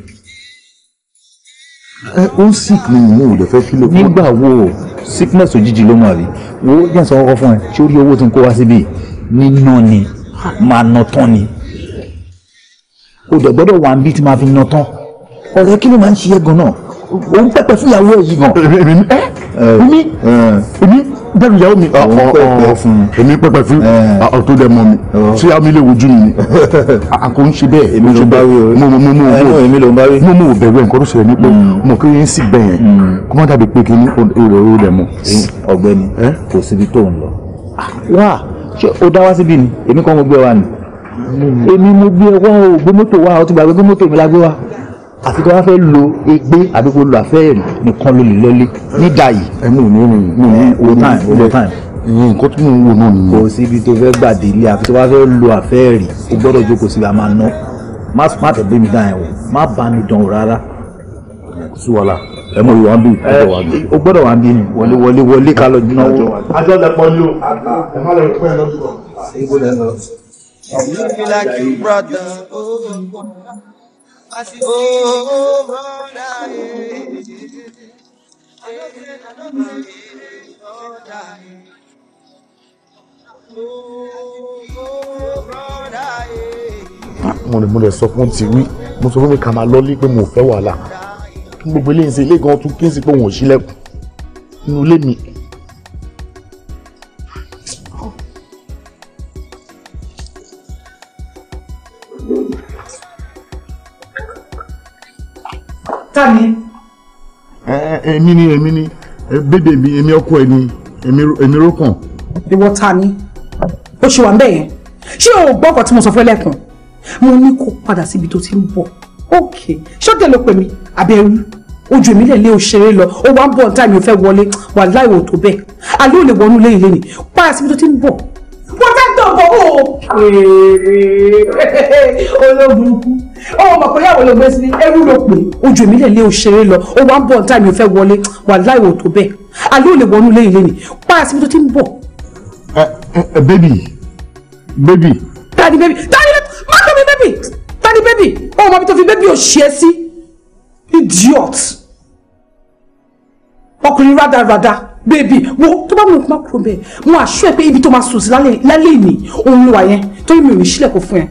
ẹ ó ń sick ni mo ò lè fẹ́ kí ló. nígbà wo sickness òjijì ló máa rí wo jẹ́ sọ kọ́kọ́ fún ẹ ṣé o rí owó tó ń kó wá síbí níná ni máa ná tán ni o dẹ̀ gbọ́dọ̀ wà ń bí tí máa fi ná tán ọ̀rẹ́ kí ló máa ń ṣe é gan náà òun pẹpẹ fún ìyàwó ẹ yìí gan èmi ẹ èmi èmi bẹ̀rù ìyàwó mi èmi pẹpẹ fún ọtún dẹ mọ mi tí a mi lè wojú mi ni *laughs* a kò ń ṣe bẹ́ẹ̀ èmi ló ń báwí o mo mo mo mo èmi ló ń báwí mo mo bẹ̀rù ẹ nǹkan tó ṣẹlẹ̀ ní pé mm. mo kí n sì bẹyẹn mm. kó má dàbí pé kí n ò dẹ mọ. ọ̀gbẹ́ni kò síbi tó ń lọ. Ah, wá ṣé o dá wá síbí ni èmi kàn mo gbé wa ni mm. èmi mo gbé wa o gbé mọ́tò wa o ti gbàgbé gbé mọ́tò mi la gbé wa àfi tó bá fẹ́ lo egbé àbí kó lo àfẹ́ẹ̀rì nìkan ló lè lọ́lé nídà yìí. ẹ mú mi rìn mí ní eh, owó time owó time nǹkan tí mò wò náà nìyẹn. kò síbi tó fẹ́ gbàdé ilé àfi tó bá fẹ́ lo àfẹ́ẹ̀rì o gbọ́dọ̀ jókòó síbi àmà ná má má tẹ̀ gbé mi dán ẹ̀ wò má bá mi dán o rárá. sí wàhálà ẹ mọ̀ ìwà ń bí eh, o gbọ́dọ̀ wà ń bí ni wọlé wọlé wọlé ká lọ dúná wò. àjọ lẹ pọ ní o ẹ má Oh, mother, mo ní mo lè sọ fún ti wí mo sọ fún mi ká máa lọ́lé pé mo fẹ́ wàhálà gbogbo eléyìí ṣe ilé gan tún kí n sì pé òun ò ṣílẹ̀kùn nínú ilé mi èmi ni èmi ni eh, bébè mi èmi ọkọ ẹ ni èmi rókàn. ìwọ ta ni ó ṣe wà ń bẹ́ẹ̀ yẹn ṣé o gbọ́ ọkọ̀ tí mo sọ fún ẹlẹ́kùn mo ní kó padà síbi tó ti ń bọ̀ ókè ṣọ́tẹ̀ ló pè mí abẹ́rú ojú èmi lè lé òṣèré lọ ó wá ń bọ̀ ní táìmì ò fẹ́ wọlé wà láìwò tó bẹ́ẹ̀ àlẹ́ ò lè wọnú lẹ́yìn lẹ́yìn padà síbi tó ti ń bọ̀ dọ̀bọ̀ o. èrè ológun kú ọmọ mọ̀ pé yàwó ló gbé sí ẹrú ló pè. ojú èmi lè lé òṣèré lọ ó wá ń bọ̀ níta mi ò fẹ́ wọlé wà láìwò tó bẹ́ẹ̀ alẹ́ ò lè wọnú lẹ́yìn lẹ́yìn pa àsìkò tó ti ń bọ̀. bébì bébì. tani bébì tani má tó mi bébì tani bébì ọmọ mi tó fi bébì ò ṣe é sí idiot ọkùnrin rádaràda bébì wo tó bá mú un má kúrò bẹ́ẹ̀ mo àṣọ ẹ pé ibi tó máa sùn sí lálẹ́ ìní òun ló wà yẹn torí mi ò ní sílẹ̀kùn fún ẹ.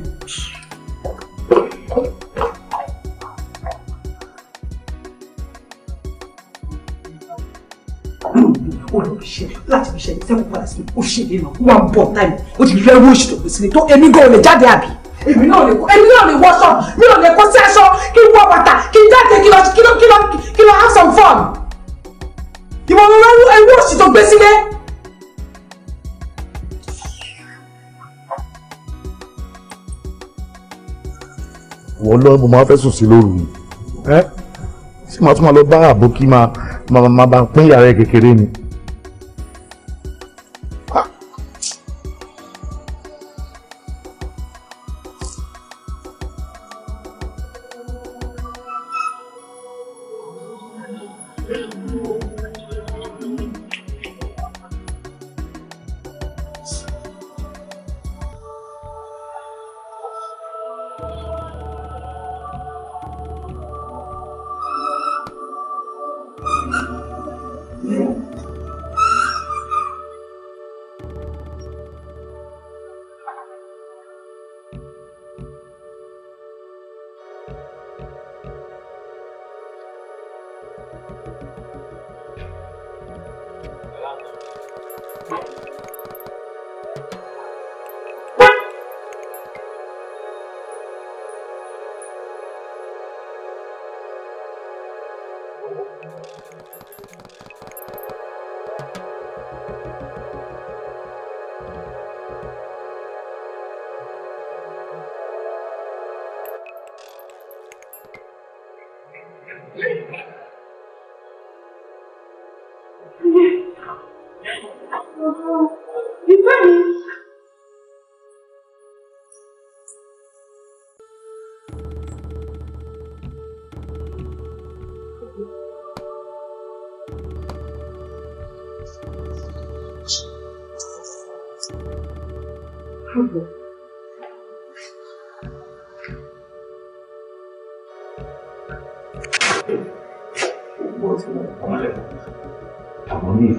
láti fi ṣe sẹ́kù padà sí òṣèlè náà wà ń bọ̀ táyì ó ti rẹ́ wọ́ọ̀ṣì tó sí ni tó èmi gan ò lè jáde àbí èmi náà lè kó èmi náà lè wọṣọ mi ò lè kó sí aṣọ kí n wọ bàtà kí n jáde kí lọ kí lọ kí lọ have some fun ìwọ ló rán ẹrú òsì tó gbé sílẹ̀. wọ́n lọ mo máa fẹ́ sùn sí lóru ẹ ṣé màá tún máa lọ bá àbókí máa máa bá pín yàrá kékeré ni. Bye.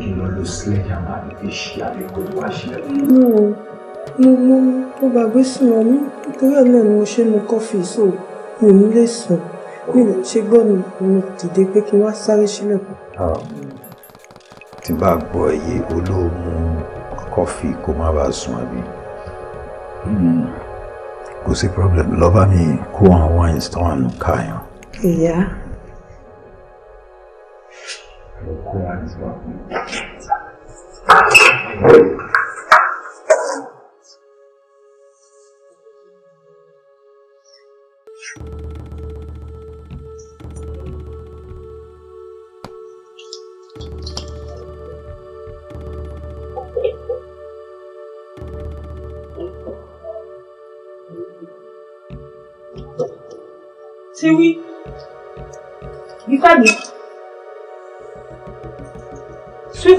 kí n lọ lo sledgehammer àti ṣe àbẹ̀wò ìwà ṣe. mo mo mo mo gbàgbé sùn lọ mí nítorí ẹ̀ náà ni mo ṣe mu kọfí so mi ò ní lè sùn mi ò ṣe gbọ́ mi mo dìde pé kí n wá sáré sílẹ̀kùn. Ah, tí bá gbọ́ ẹ̀yẹ olóòmù kọfí kó má bàa sùn àbí hmm, kò sí problem lọ́ba mi kó àwọn wines tó wà nù káyàn. ìyá. Yeah.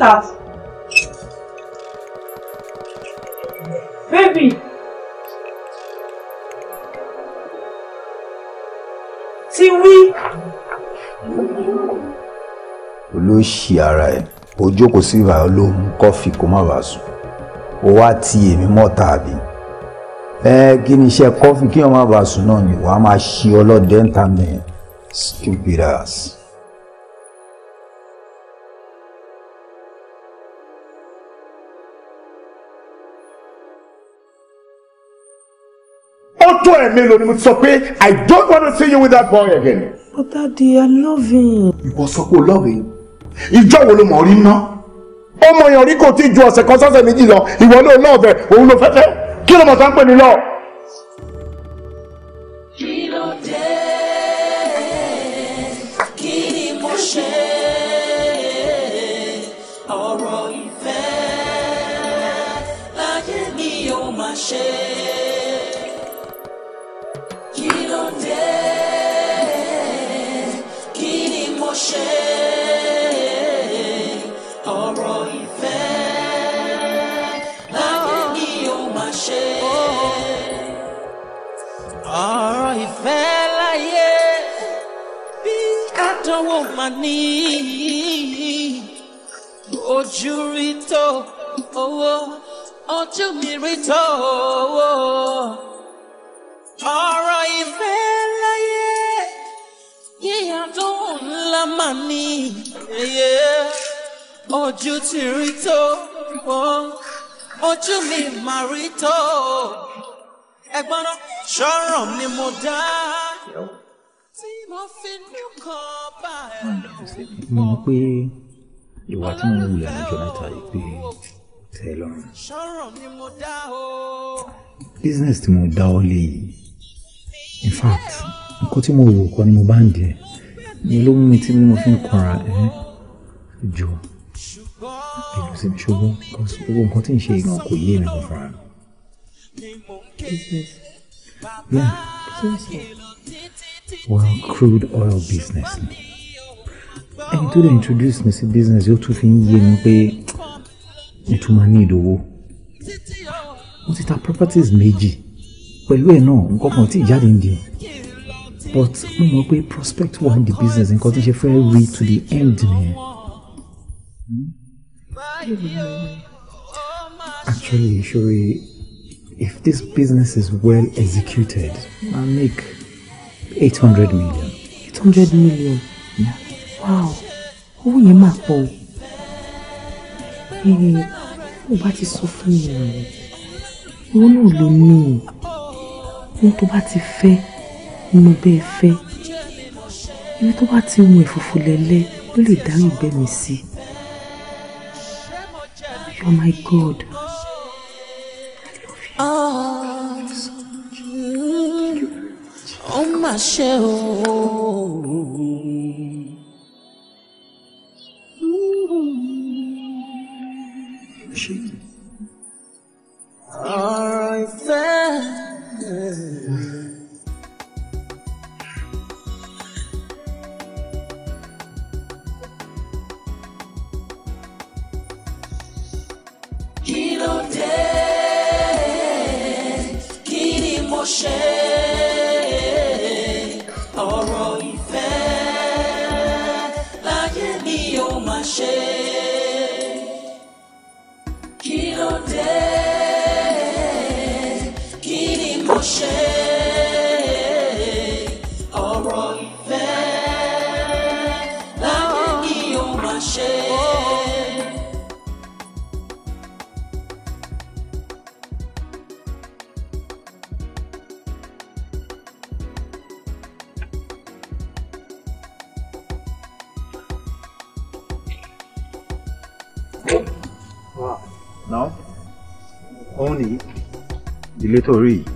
that? Baby! Ti wí. Olóṣì ara ẹ̀, ó jókòó sí ìhà ló mú kọ́fì kó má bàa sùn. Ó wá ti èmi mọ́ tàbí. Ẹ kí ni iṣẹ́ kọ́fì kí wọ́n má bàa sùn náà ni wàá máa ṣe ọlọ́dẹ ń ta Stupid ass. ó tó ẹ̀ mo ti sọ pé i don't want to see you with that boy again. but daddy i love him. ìwọ sọ pé o love him ìjọ wo ló mọ̀ rí ná ó mọ̀ yàn rí kò tí ju ọ̀sẹ̀ kan sọ́sẹ̀ méjì lọ ìwọ ló lọ́ọ̀bẹ̀ òun ló fẹ́fẹ́ kí ló mọ̀ sá ń pè ní lọ́ọ̀. máa ní ojú rí tó owó ojú mi rí tó owó ọ̀rọ̀ ìfẹ́ láyé yíyá tó ńlá máa ní ojú ti rí tó ojú mi máa rí tó ẹ̀gbọ́n náà ṣọ́rọ̀ ni mo dá. Yep mo mọ̀ pé ìwà tí mo ń wulẹ̀ lọ́jọ́ mẹ́ta yìí pé tẹ́ ẹ lọ́rùn. business tí mo dá ọ lé yìí in fact nǹkan tí mo rò kọ́ ni mo bá ń jẹ ni ló mi tí mo fi ń kọra ẹ jù èèyàn sì mi ṣùgbọ́n gbogbo nǹkan tí ń ṣe ìgbọ̀n kò yé mi kò fara. business yeah business world crude oil business ni ẹni tó dẹ̀ introduce mi sí business yóò tún fi ń yé mi pé mo tún máa ní ìdòwò mo ti ta properties méjì pẹ̀lú ẹ̀ náà nǹkan kan tí ìjáde ń di but mo mọ̀ pé prospect wà ní the business nǹkan tí ṣe fẹ́ rí to the end nìyẹn. Actually, Shuri, if this business is well executed, I'll make 800 million. 800 million? Yeah. Wow. Owó yẹn máa pọ̀ o. Ee, o bá ti sọ fún mi rẹ̀. Owó náà ló ní o. Ohun tó bá ti fẹ́ ni mo bẹ́ẹ̀ fẹ́. Ibi tó bá ti hun ẹ̀fùfù lẹ́lẹ́ ló lè dá ìgbẹ́ mi sí. You are my God. I love you. Oh. I o. ilé tó rí yìí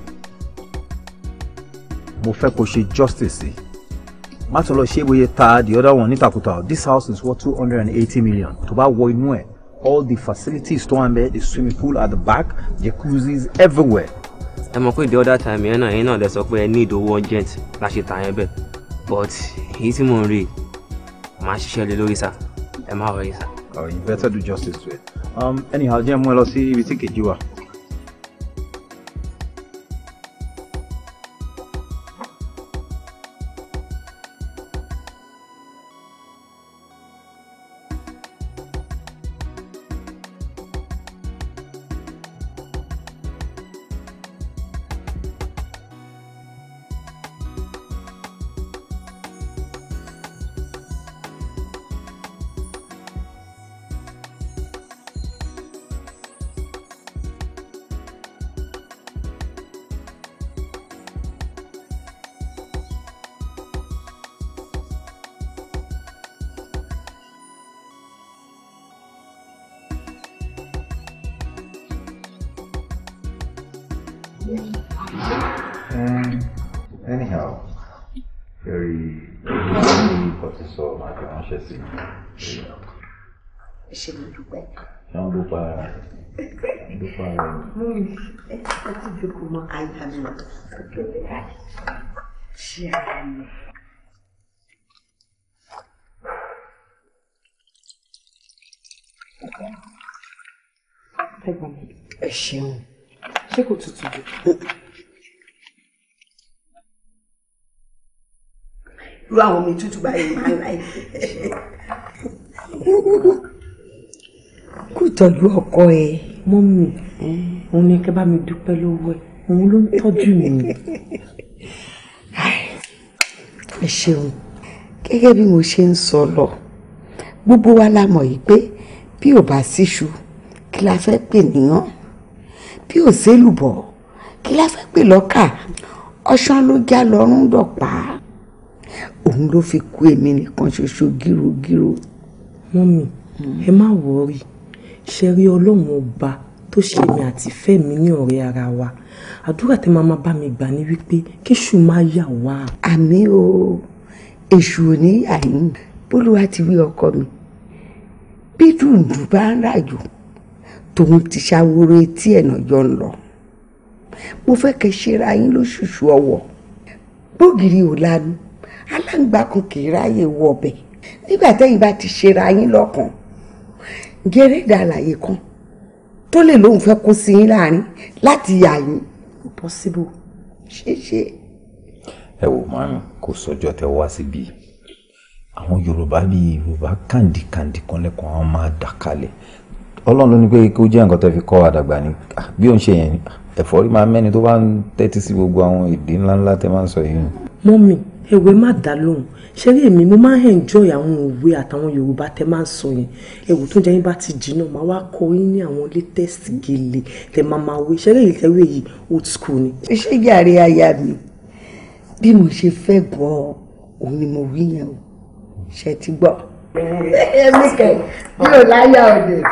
mo fẹ́ kó ṣe justice sí má tún lọ ṣe bóyá ta the other one nítakùtà this house is worth two hundred and eighty million tó bá wọ inú ẹ̀ all the facilities tó wà ń bẹ the swimming pool at the back jacuzzis everywhere. ẹ mọ̀ pé the other time yẹn náà yẹn náà lè sọ pé ẹ ní ìdòwò urgent láti ta yẹn bẹ́ẹ̀ but èyí tí mò ń rí màá ṣiṣẹ́ lé lórí sá ẹ má wọlé sá. oh you better do justice to it. Um, anyhow jẹ́ mú ẹ lọ sí ibi tí kejì wà. Mummy, àwọn omi tútù báyìí máa ń láì kú ìtọ́jú ọkọ ẹ mọ́mì òun ni kẹ́ bá mi dúpẹ́ lọ́wọ́ ẹ òun ló ń tọ́jú mi. ẹ ṣeun gẹ́gẹ́ bí mo ṣe ń sọ lọ gbogbo wa la mọ̀ yìí pé bí ò bá síṣu kí la fẹ́ pè níyàn bí ò sélùbọ̀ kí la fẹ́ pè lọ́kà ọ̀sán ló já lọ́rùn dọ̀pá òun ló fi kú èmi nìkan ṣoṣo gírogíro. mọ́mì hmm. ẹ má wọrí. Mm ṣe rí ọlọ́run ọba tó ṣe mi àti ìfẹ́ mi ní ọ̀rẹ́ ara wa àdúrà tẹ́ máa bá mi gbà ní wípé kéṣù máa yà wá. àmì o èṣù ò ní àìní bólúwa ti wí ọkọ mi bí dùndùn bá ń ràjò tòun ti ṣàwòrò etí ẹ̀nà jọ ń lọ mo fẹ́ kẹ́ ṣera yín lóṣooṣù ọwọ́ gbògiri ò lanu aláǹgbá kan kì í ráyè wọ ọbẹ̀ nígbà tẹ́yìn bá ti ṣera yín lọ́kàn gẹ̀rẹ́dà àlàyé kan tó lè lóun fẹ́ kó sí yín láàrin láti yà yín possible ṣeéṣe. ẹ wò márùn kò sọjọ́ tẹ wá síbi àwọn yorùbá bíi yorùbá kàǹdìkàǹdì kan lẹ́kọ̀ọ́ àwọn máa dà kalẹ̀ ọlọ́run ló ní pé kó jẹ́ nǹkan tó fi kọ́ àdàgbà ni bí òun ṣe yẹn ẹ̀fọ́rí máa mẹ́ni tó bá ń tẹ́tí sí gbogbo àwọn èdè ńláńlá tẹ́ máa ń sọ yìí. mọ́mì ẹ̀wẹ̀ má dá lóhùn ṣe rí èmi mo máa ń enjoy àwọn òwe àtàwọn yorùbá tẹ máa ń sọ yẹn ẹ̀wù tó jẹ́ yín bá ti jìnnà máa wá kọ yín ní àwọn latest gèlè tẹ máa máa wé ṣe rí èyí tẹ́wé yìí old school ni. ṣé yàrá aya mi bí mo ṣe fẹ́ gbọ́ òun ni mo wí yẹn o ṣe ti gbọ́. èmi kẹ mi ò láyà ọ̀dẹ̀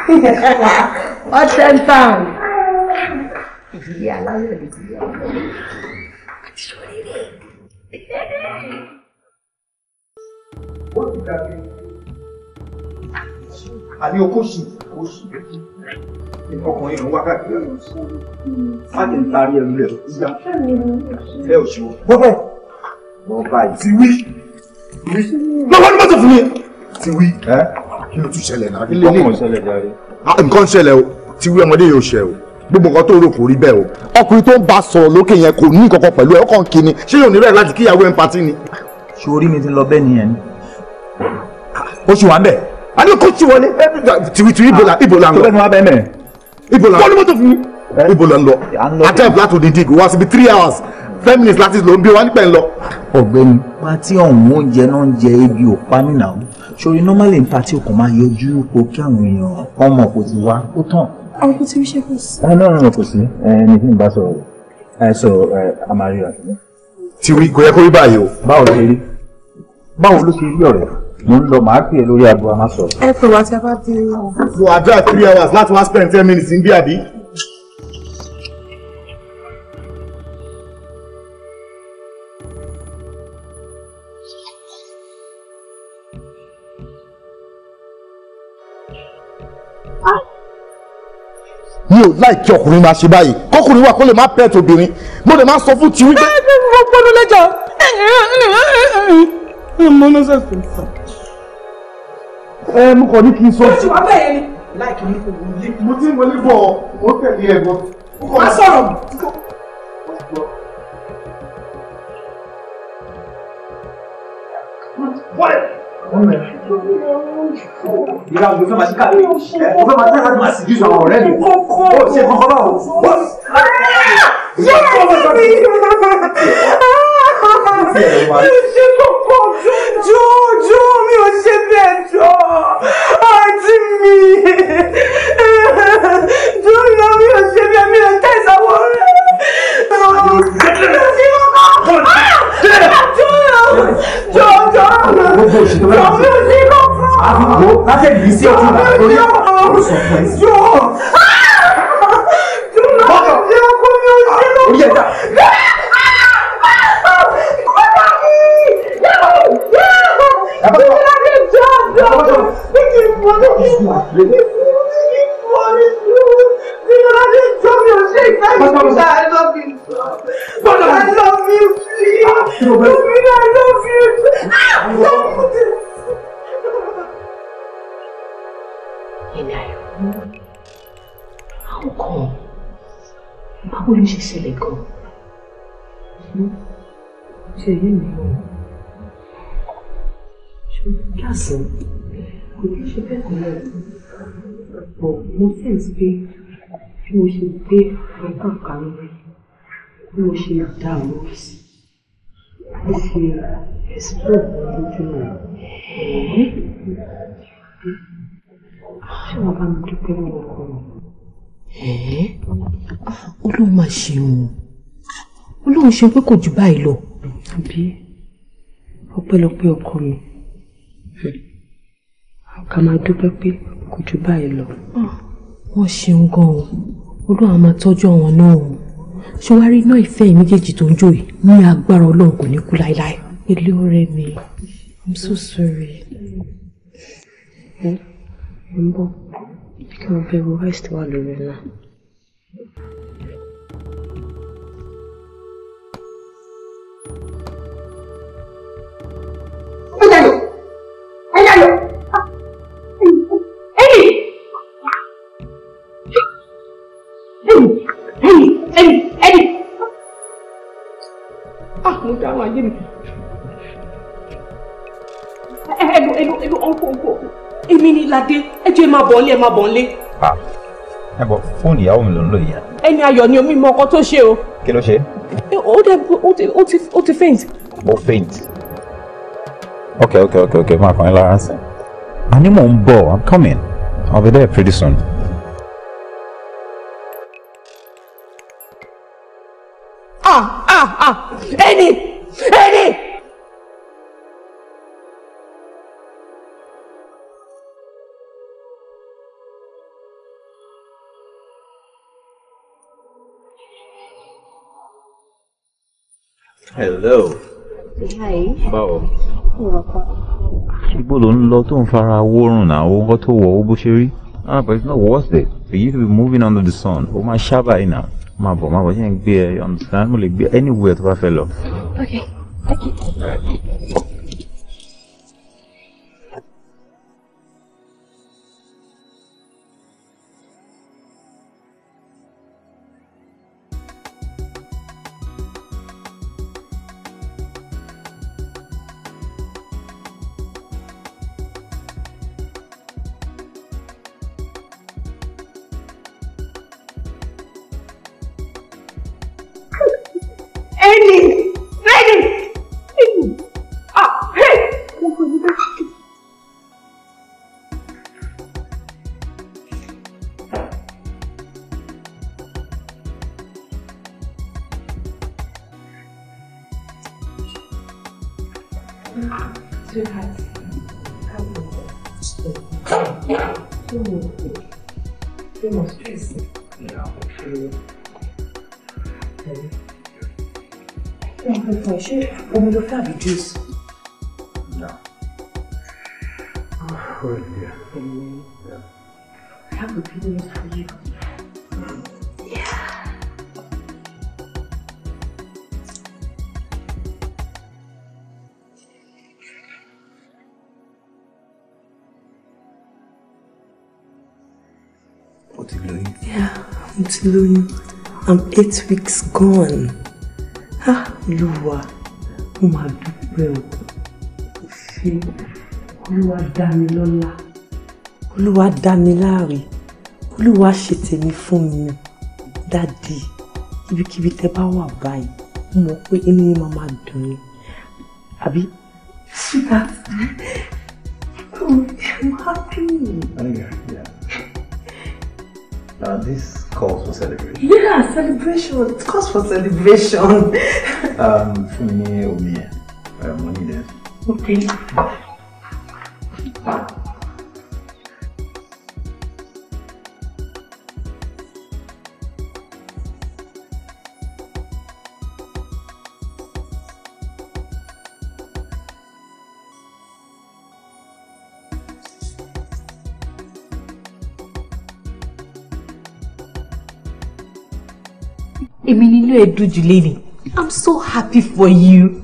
ọ̀tẹ̀ ń tàn ìdílé aláyọ̀ ìdílé ọ̀dẹ̀ àti sọ̀rọ̀ rẹ̀ ó ti dàbí àní okó sì kó ọkùnrin ló ń wá má ti ń tarí ẹnu rẹ yíyá fẹ́ òṣù bọ́bọ̀ bọ́bá yìí ti wí lọ́wọ́ ní mọ́tò fún mi ti wí kí ló tún ṣẹlẹ̀ náà kí ló tún ṣẹlẹ̀ jáde ah, nǹkan ṣẹlẹ̀ o ti wí ọmọdé yóò ṣẹ o gbogbo nǹkan tó rò kò rí bẹ́ẹ̀ o ọkùnrin tó ń bá sọ̀rọ̀ lókè yẹn kò ní nǹkan pẹ̀lú ẹ̀ ó kàn kí ni ṣé yóò nílẹ̀ láti kíyàwó ẹ̀ ń patí ni. sori mi ti lọ bẹ́ẹ̀ nìyẹn ni. ó ṣì wà ń bẹ̀. a ní kó ṣì wọlé tìwìtìwì ibo la ń lọ. tó bẹ́ẹ̀ ni wọ́n á bẹ́ẹ̀ mẹ́. ibo la ń lọ wọ́n láti òdi dìgò wá síbi three hours five minutes láti lò ń bí wá nípẹ̀ ń lọ. ọ̀gbẹ́ni pati ọ̀hún oúnjẹ náà ń jẹ ebi ò pa mí náà sori normally pati ò kàn máa yọjú ipò kí àwọn èèyàn ọmọ kò ti wá àwọn kò ti rí ṣe kò sí. ẹ náà ràn kò sí ẹ ní kí n bá sọ̀rọ̀ ẹ sọ ẹ a máa rí àtúntò. ti rí kò yẹ kó rí báyìí o. báwo ló ṣe rí báwo ló ṣe rí ọ̀rẹ́ mo ń é lórí aago a máa sọ̀rọ̀. three hours last one spend ten minutes níbí àbí. mi ò láì kí ọkùnrin máa ṣe báyìí kọkùnrin wà kó lè má pẹ́ẹ̀tì obìnrin mo lè má sọ fún ti wípé. ẹ ẹ mo gbọ́dọ̀ lẹ́jà ẹ mo ní sẹ́ sọ sọ. ẹ mo kàn ní kí n sọ. mo ti wá bẹ́ẹ̀ ni láìkí ní kò wọlé. mo ti ń wọlé bọ̀ mo tẹ̀lé ẹ̀ bọ̀. wá sọ̀rọ̀. What? ìyá òjò fẹ́ máa ṣe káàkiri òjò fẹ́ máa tẹ́lẹ̀ láti máa sì jù àwọn ọ̀rẹ́ mi ó ṣe kankan báwo. ṣé ọmọ sọ mi ṣe kókó jọjọ mi ò ṣe bẹ́ẹ̀ jọ àǹtí mi jọjọ mi ò ṣe bẹ́ẹ̀ mi ò tẹ̀sánwó rẹ̀. Ah! Ah! jọjọ ah! jọjọ gbogbo òṣèlú rẹ̀ àfikò látẹ̀lì yìí sí ọtún ìgbà tó yẹ kó sọ fún ẹ. bọ́tọ̀ orí ẹ̀dá. Thank you. I love you. Father, I love you, please. Domina, I love you. Ìnáyọ̀, àwọn kan, báwo ló ṣe ṣẹlẹ̀ gan? Ṣé èyí mi ò? Ṣé gáàsì kò kí ṣe bẹ́ẹ̀ kọ́ lọ? Bọ̀ mo fẹ́ sí pé bí mo ṣe gbé àkàkà lórí bí mo ṣe dá àwọn sí mo ṣe ẹsìpọ̀ lójú rẹ̀ ṣé wàá bá mi dúpẹ́ lọ́wọ́ kan olóhùn máa ṣeun olóhùn ṣeun pé kò jù báyìí lọ àbí ọpẹ́lọpẹ́ ọkọ mi ká máa dúpẹ́ pé kò jù báyìí lọ. wọ́n ṣeun gan-an olúwa máa tọ́jú àwọn náà o ṣọwárí náà ìfẹ́ méjèèjì tó ń jò yìí ní agbára ọlọ́run kò ní kú láéláé. ilé ọ̀rẹ́ mi i'm so sorry. mo ń bọ̀ kí wọ́n bẹ̀rù rest wà lórí náà. Astagfirullahaladzim. Ẹ ẹ ẹ ẹ ọ̀nkọ̀ ọ̀nkọ̀ èmi ni Ládé ẹ jẹ́ máa bọ̀ ńlé ẹ máa bọ̀ ńlé. Ẹ bọ̀ fóònù ìyàwó mi ló ń lò yìí. Ẹni ayọ̀ ni omi mọ ọkọ tó ṣe o. Kí ló ṣe? Ó dẹ̀ ó ti faint. Ó faint. Okay okay okay okay máa kàn yín lára sí. Àní mò ń bọ̀ I'm coming I'll be there pretty soon. Ah ah ah hello. hi. báwo. ibo ló ń lọ tó ń fara wórùn náà owó nǹkan tó wọ owó bó ṣe rí ah but it's not worth it for you to be moving under the sun ó máa ṣábà yìí náà máa bọ̀ máa bọ̀ ṣe ń gbé ẹ understand mo lè gbé anywhere tó bá fẹ́ lọ. okay thank you. Trivais, Cavuca, Estopa, Tumulto, Demonstrista, Não refletir, o mundo sabe disso. Não. Olha. Sabe o que Deus ti i'm eight weeks gone ha ah, olúwa mo máa dúpẹ́ o ṣe olúwa dá mi lọ́lá olúwa dá mi láre olúwa ṣe tèmi fún mi dáàdi ibikíbi tẹ bá wà báyìí mo mọ̀ pé inú yín máa dùn ni àbí. I'm happy. Yeah, yeah. Now this calls for celebration. Yeah, celebration. It calls for celebration. um, for me, Omiya, I'm on Okay. inú ẹ dùn i'm so happy for you.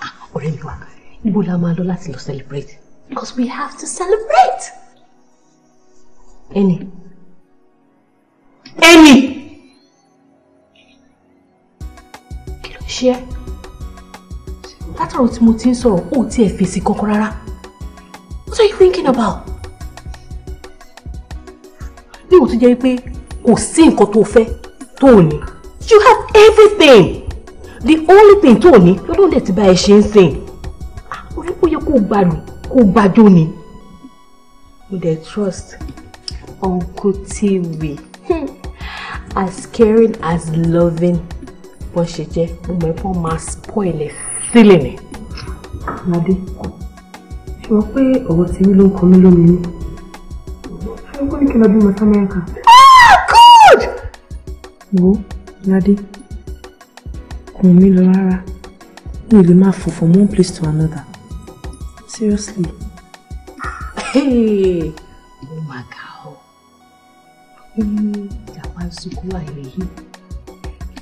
Ah, ọ̀rẹ́ mi wá ibo la máa lọ láti lọ celebrate because we have to celebrate. ẹnì ẹnì kí ló ṣe é látọ̀rọ̀ tí mo ti ń sọ̀rọ̀ ó tiẹ̀ fèsì kankan rárá what are you thinking about? bí o tún jẹ́ pé kò sí nǹkan tó fẹ́ tó ní you have everything the only thing Tony, you don't dẹ̀ to buy a ṣe ń sìn orí ah, kò yẹ kó gbàlù kó gbàjọ ni mo trust uncle tiwi hmm. as caring as loving bó ṣe jẹ́ mo mọ̀ ẹ́ spoil it. sílẹ̀ Nadi, Ládé ṣe wọ́n pé ọ̀rọ̀ tí mi ló ń kọ mí lómi ní. ṣé wọ́n ní kí n ah good. wo Daddy, kò mí lọ rárá. Mi ò lè máa fò from one place to another. Seriously. Hey, mo oh máa ga ọ. Ó ní ìyàwó àìsùnkún àìrèyí.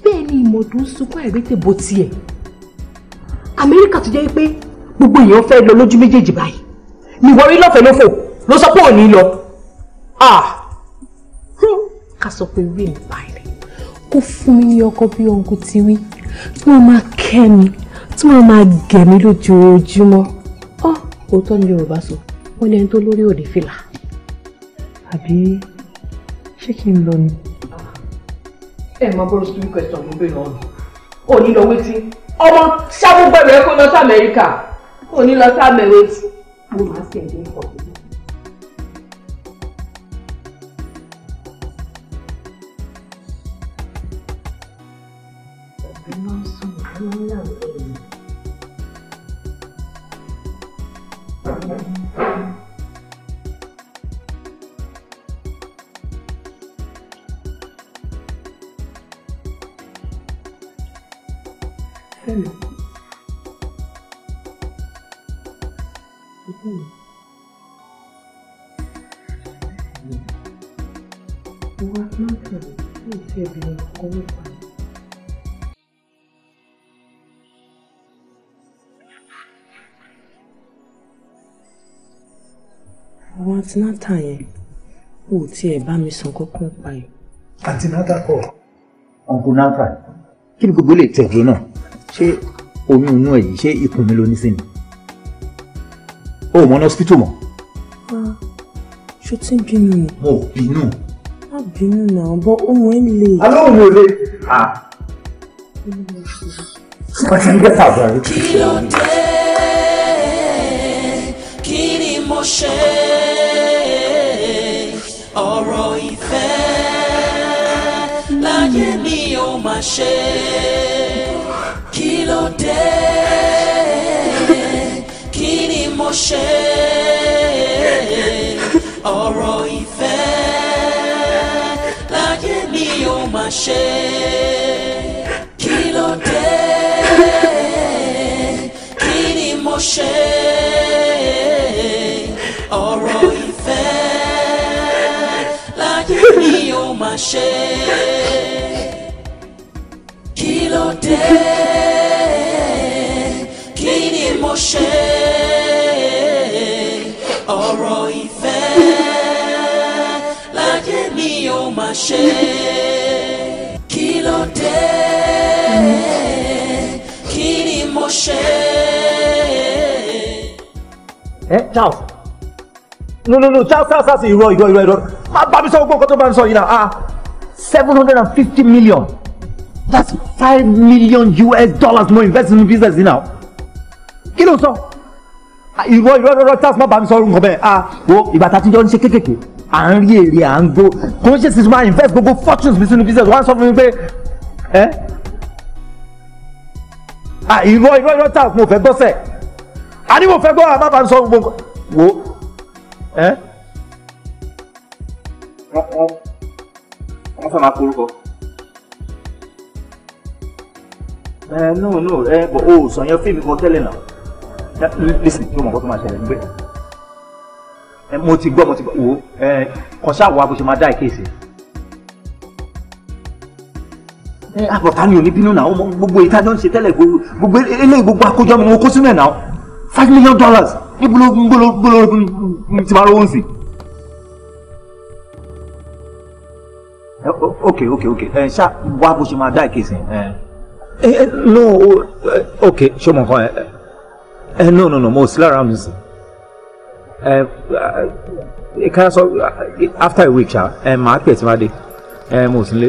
Bẹ́ẹ̀ ni ìmọ̀dún ń sunkún àìrètè bó tiẹ̀. Amẹ́ríkà tó jẹ́ pé gbogbo èèyàn fẹ́ lọ lójú méjèèjì báyìí. Ni ìwọ rí lọ́fẹ̀ẹ́ ló fò ló sọ pé òní lọ. Ah! Ká sọ pé rí ìbáyìí tó fún mi ní ọkọ bí ọ̀gùn ti wí tí wọ́n máa kẹ́ mi tí wọ́n máa gẹ̀ mí lójoojúmọ́ ọ òótọ́ ni Yorùbá sọ wọ́n ní ẹni tó lórí òde fìlà. àbí ṣé kí n lọ ni. ẹ máa bọ́rọ̀ sí question ló bẹ̀rẹ̀ ọ̀nà ò ní lọ wétí ọmọ ṣàbùgbẹ̀rẹ̀ kó lọ sí Amẹ́ríkà ò ní lọ sí Amẹ́ríkà. mo máa ń ṣe ẹ̀dín antinata yẹn o tiẹ̀ bá mi sàn kankan pa ẹ̀. antinata kọ antinata kí ni gbogbo lè tẹ̀lé náà ṣé oyún inú ẹ̀ yìí ṣé ikùn mi ló ní sí ni o ò mọ ní hospital mọ́. ṣó tí ń bínú. mo bínú. má bínú náà bọ ohun ẹ lè. alóhùn ò le. wọ́n ti ń gẹ́ta àgbà rẹ̀. kí ló dé kí ni mo ṣe ọ̀rọ̀ ìfẹ́ láyé mi ò máa ṣe kí ló dé kí ni mo ṣe ọ̀rọ̀ ìfẹ́ láyé mi o máa ṣe. ṣe kí ló dé kí ni mo ṣe ọ̀rọ̀ ìfẹ́ láyé mi ò má ṣe kí ló dé kí ni mo ṣe. ẹ Charles no no no Charles Charles Charles irọ́ irọ́ irọ́ irọ́ má bá mi sọ gbogbo nǹkan tó bá mi sọ yìí náà ah. 750 million. That's 5 million US dollars more invest in business now. Kí ló sọ? Ah, ìwọ ìrọ̀ ìrọ̀ tax má bàa mi sọ nǹkan bẹ́ẹ̀. Ah wo ìgbà tá a ti jọ ń ṣe kéékèèké. À ń rí èrè à ń gbó. Kò ń ṣe sísun máa invest gbogbo fortunes mi sínú business. Wọ́n sọ fún mi pé ẹ́ ah ìrọ̀ ìrọ̀ ìrọ̀ tax mo fẹ́ gbọ́ sẹ̀. A ní mo fẹ́ gbọ́ àbá bàa mi sọ gbogbo nǹkan. Wo ẹ́ wọ́n fẹ́ máa porúkọ. ẹ no no ẹ bọ o sọ yẹn fíìmù kan tẹ́lẹ̀ náà listen yóò mọ̀ kó tó máa ṣẹlẹ̀ nígbẹ́. ẹ mo ti gbọ́ mo ti gbọ́ wo ẹ kàn ṣáà wọ abóṣe máa dá ìkéèsì. ẹ àbọ̀tá ah, ni ò ní bínú náà gbogbo ìtajọ́ ń ṣe tẹ́lẹ̀ gbogbo eléyìí gbogbo àkójọ mi mo kó sínú ẹ̀ náà five million dollars ní gbolo gbolo gbolo ti máa rówó ń sìn. ok ok ok ẹ eh, ṣá wá bó ṣe máa dá ìkẹsìn. Eh. Eh, no ok ṣé mo kàn ẹ no no no mo sì lára mi sí ẹ ká sọ after a week ṣá ẹ máa pẹ̀ tí wọ́n á dé ẹ mo sì lé.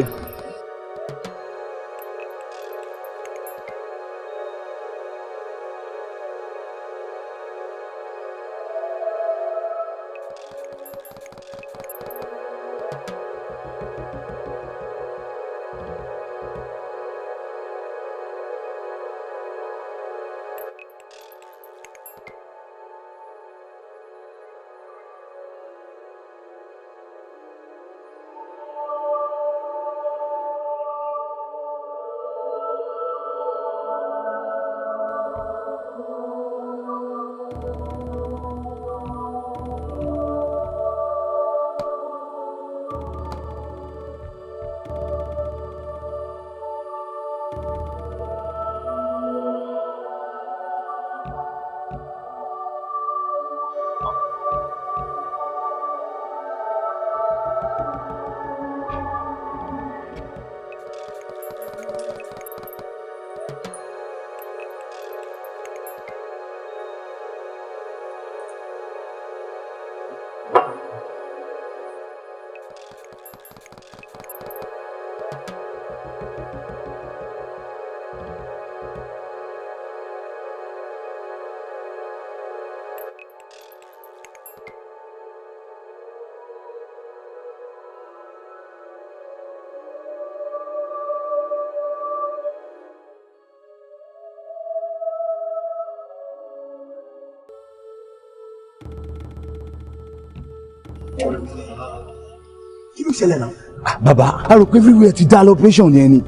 ṣẹlẹ̀ náà. Ah, bàbá a rò pé everywhere ti dá lọ́pẹ́ṣọ̀n yẹn ni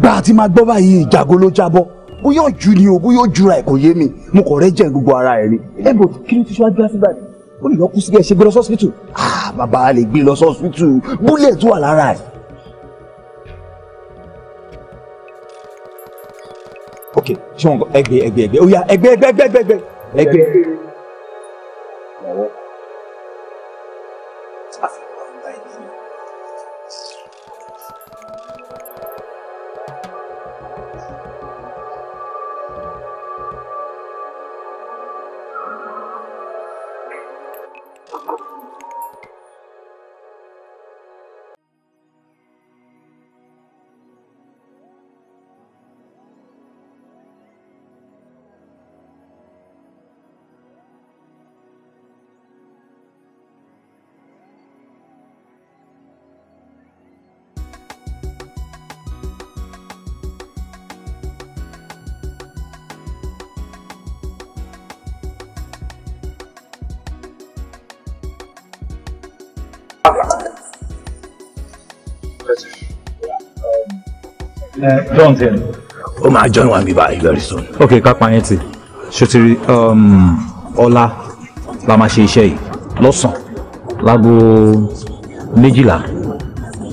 gbà àti máa gbọ́ báyìí ìjàgó ló jábọ́ bóyá ojú ni o bóyá ojú ra ẹ̀ yé mi mo kọ̀ rẹ́ jẹ́ gbogbo ara ẹ̀ ni. ẹ bò kí ló ti ṣíwájú àfígbà ni ó lè lọ kú síbẹ̀ ṣe gbé lọ sọ́sìbítù. Ah, bàbá a lè gbé lọ sọ́sìbítù búlẹ̀ tó wà lára ẹ̀. ok ṣé wọn ẹgbẹ ẹgbẹ ẹgbẹ ó yá ẹgbẹ ẹgbẹ ẹgbẹ ẹgbẹ ẹgbẹ. john tiẹ̀ ni. ó máa join wa mi báyìí very soon. ok kápá yẹn ti ṣètìrì um, ọlá la máa ṣe iṣẹ́ yìí lọ́sàn-án láago méjìlá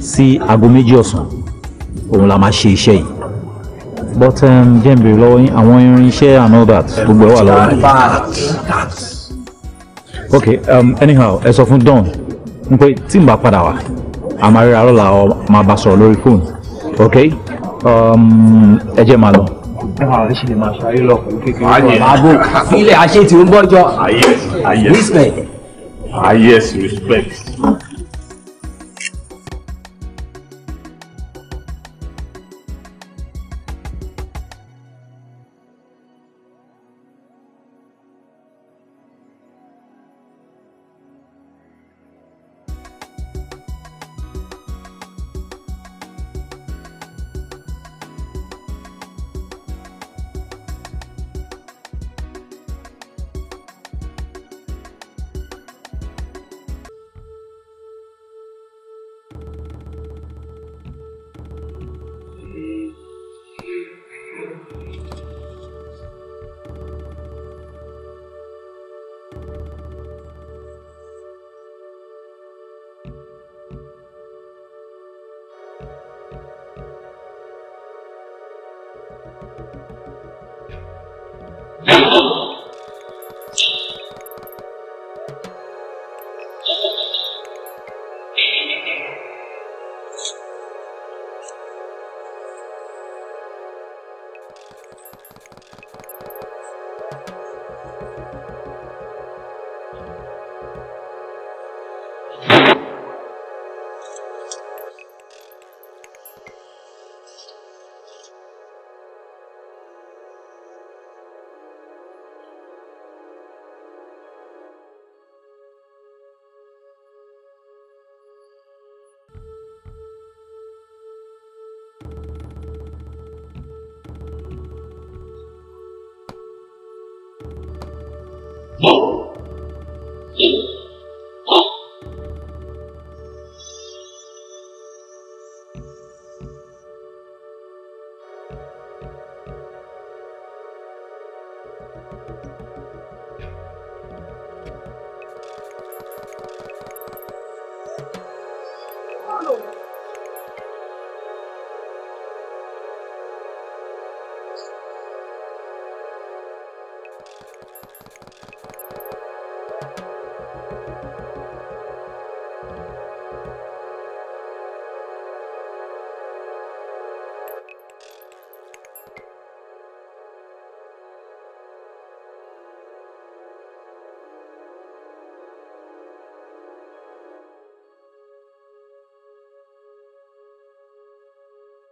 sí aago méjì ọ̀sán òun la máa ṣe iṣẹ́ yìí but um, jẹ́ bèrè lọ́wọ́ yín àwọn irinṣẹ́ and all that gbogbo ẹ̀ wà lọ́wọ́ yín. ok um, anyhow ẹ sọ fún don n pé tí n bá padà wá àmàrírà lọ́la ọ máa bá sọ̀rọ̀ lórí fóònù ok. Um, ẹ jẹ́ máa lọ. ẹ máa rí ṣe máa ṣayé lọ kékeré náà àbò ilé àṣetì ń bọ́jọ respect. ah respect.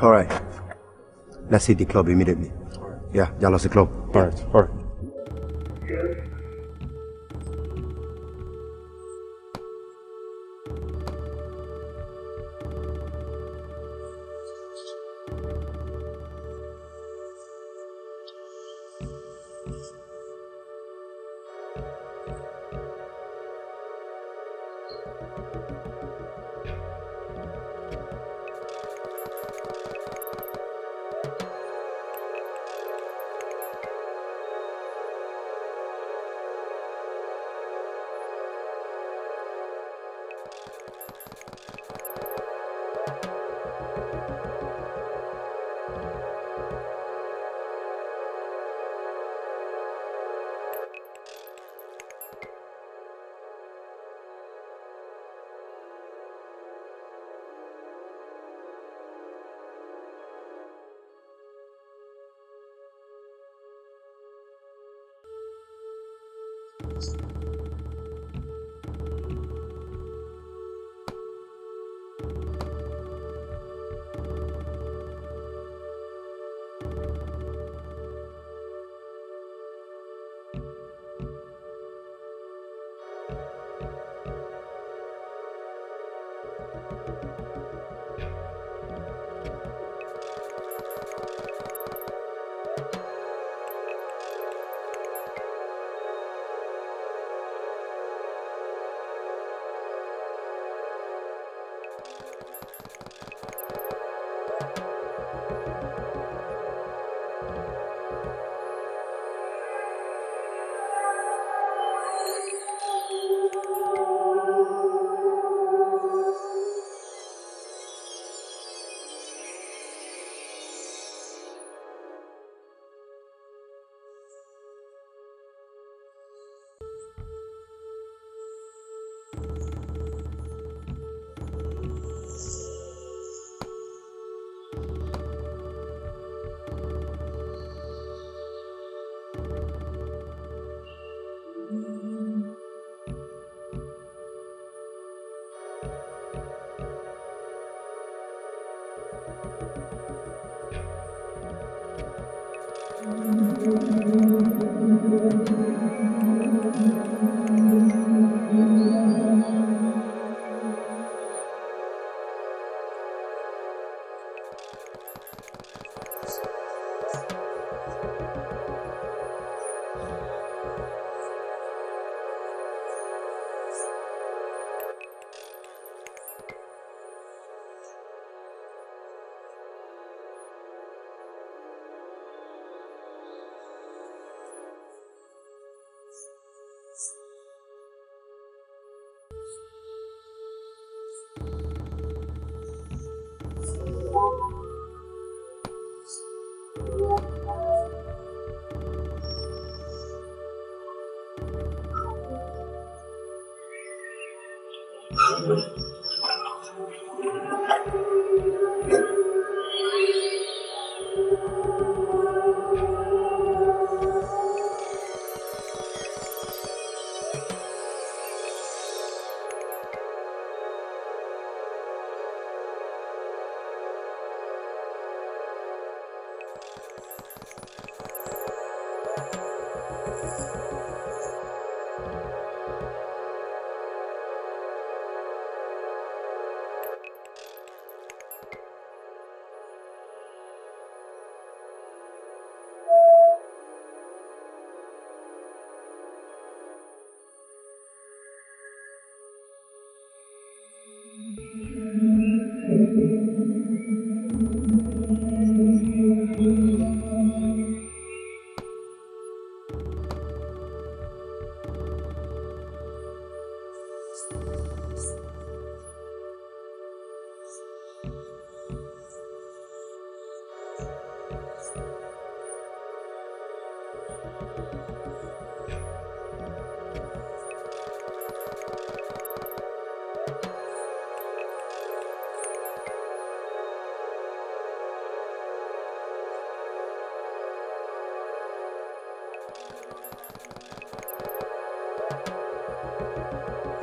All right. Let's hit the club immediately. Yeah, lost the club. All right, all right.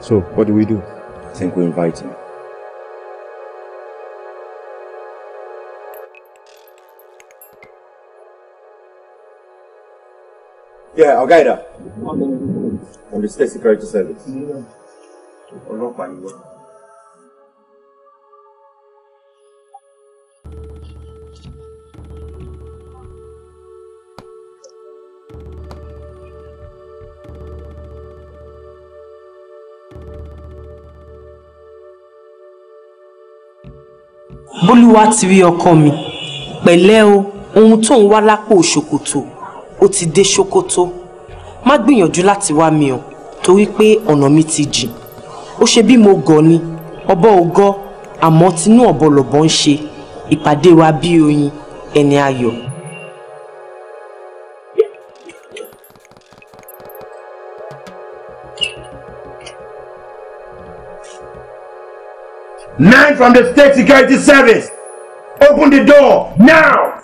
So, what do we do? I think we invite him. Yeah, I'll guide her. On the State Security Service. Mm-hmm. Ọlọ́pàá ni bólúwa ti rí ọkọ mi pẹ̀lẹ́ o ohun tó ń wá lápò ṣòkòtò ó ti dé ṣòkòtò má gbìyànjú láti wá mi o torí pé ọ̀nà mi ti jìn ó ṣe bí mo gọ̀ ni ọbọ̀ ò gọ̀ àmọ́ tinú ọ̀bọ̀lọ̀bọ̀ ń ṣe ìpàdé wa bí oyin ẹni ayọ̀. Man from the State Security Service. Open the door now!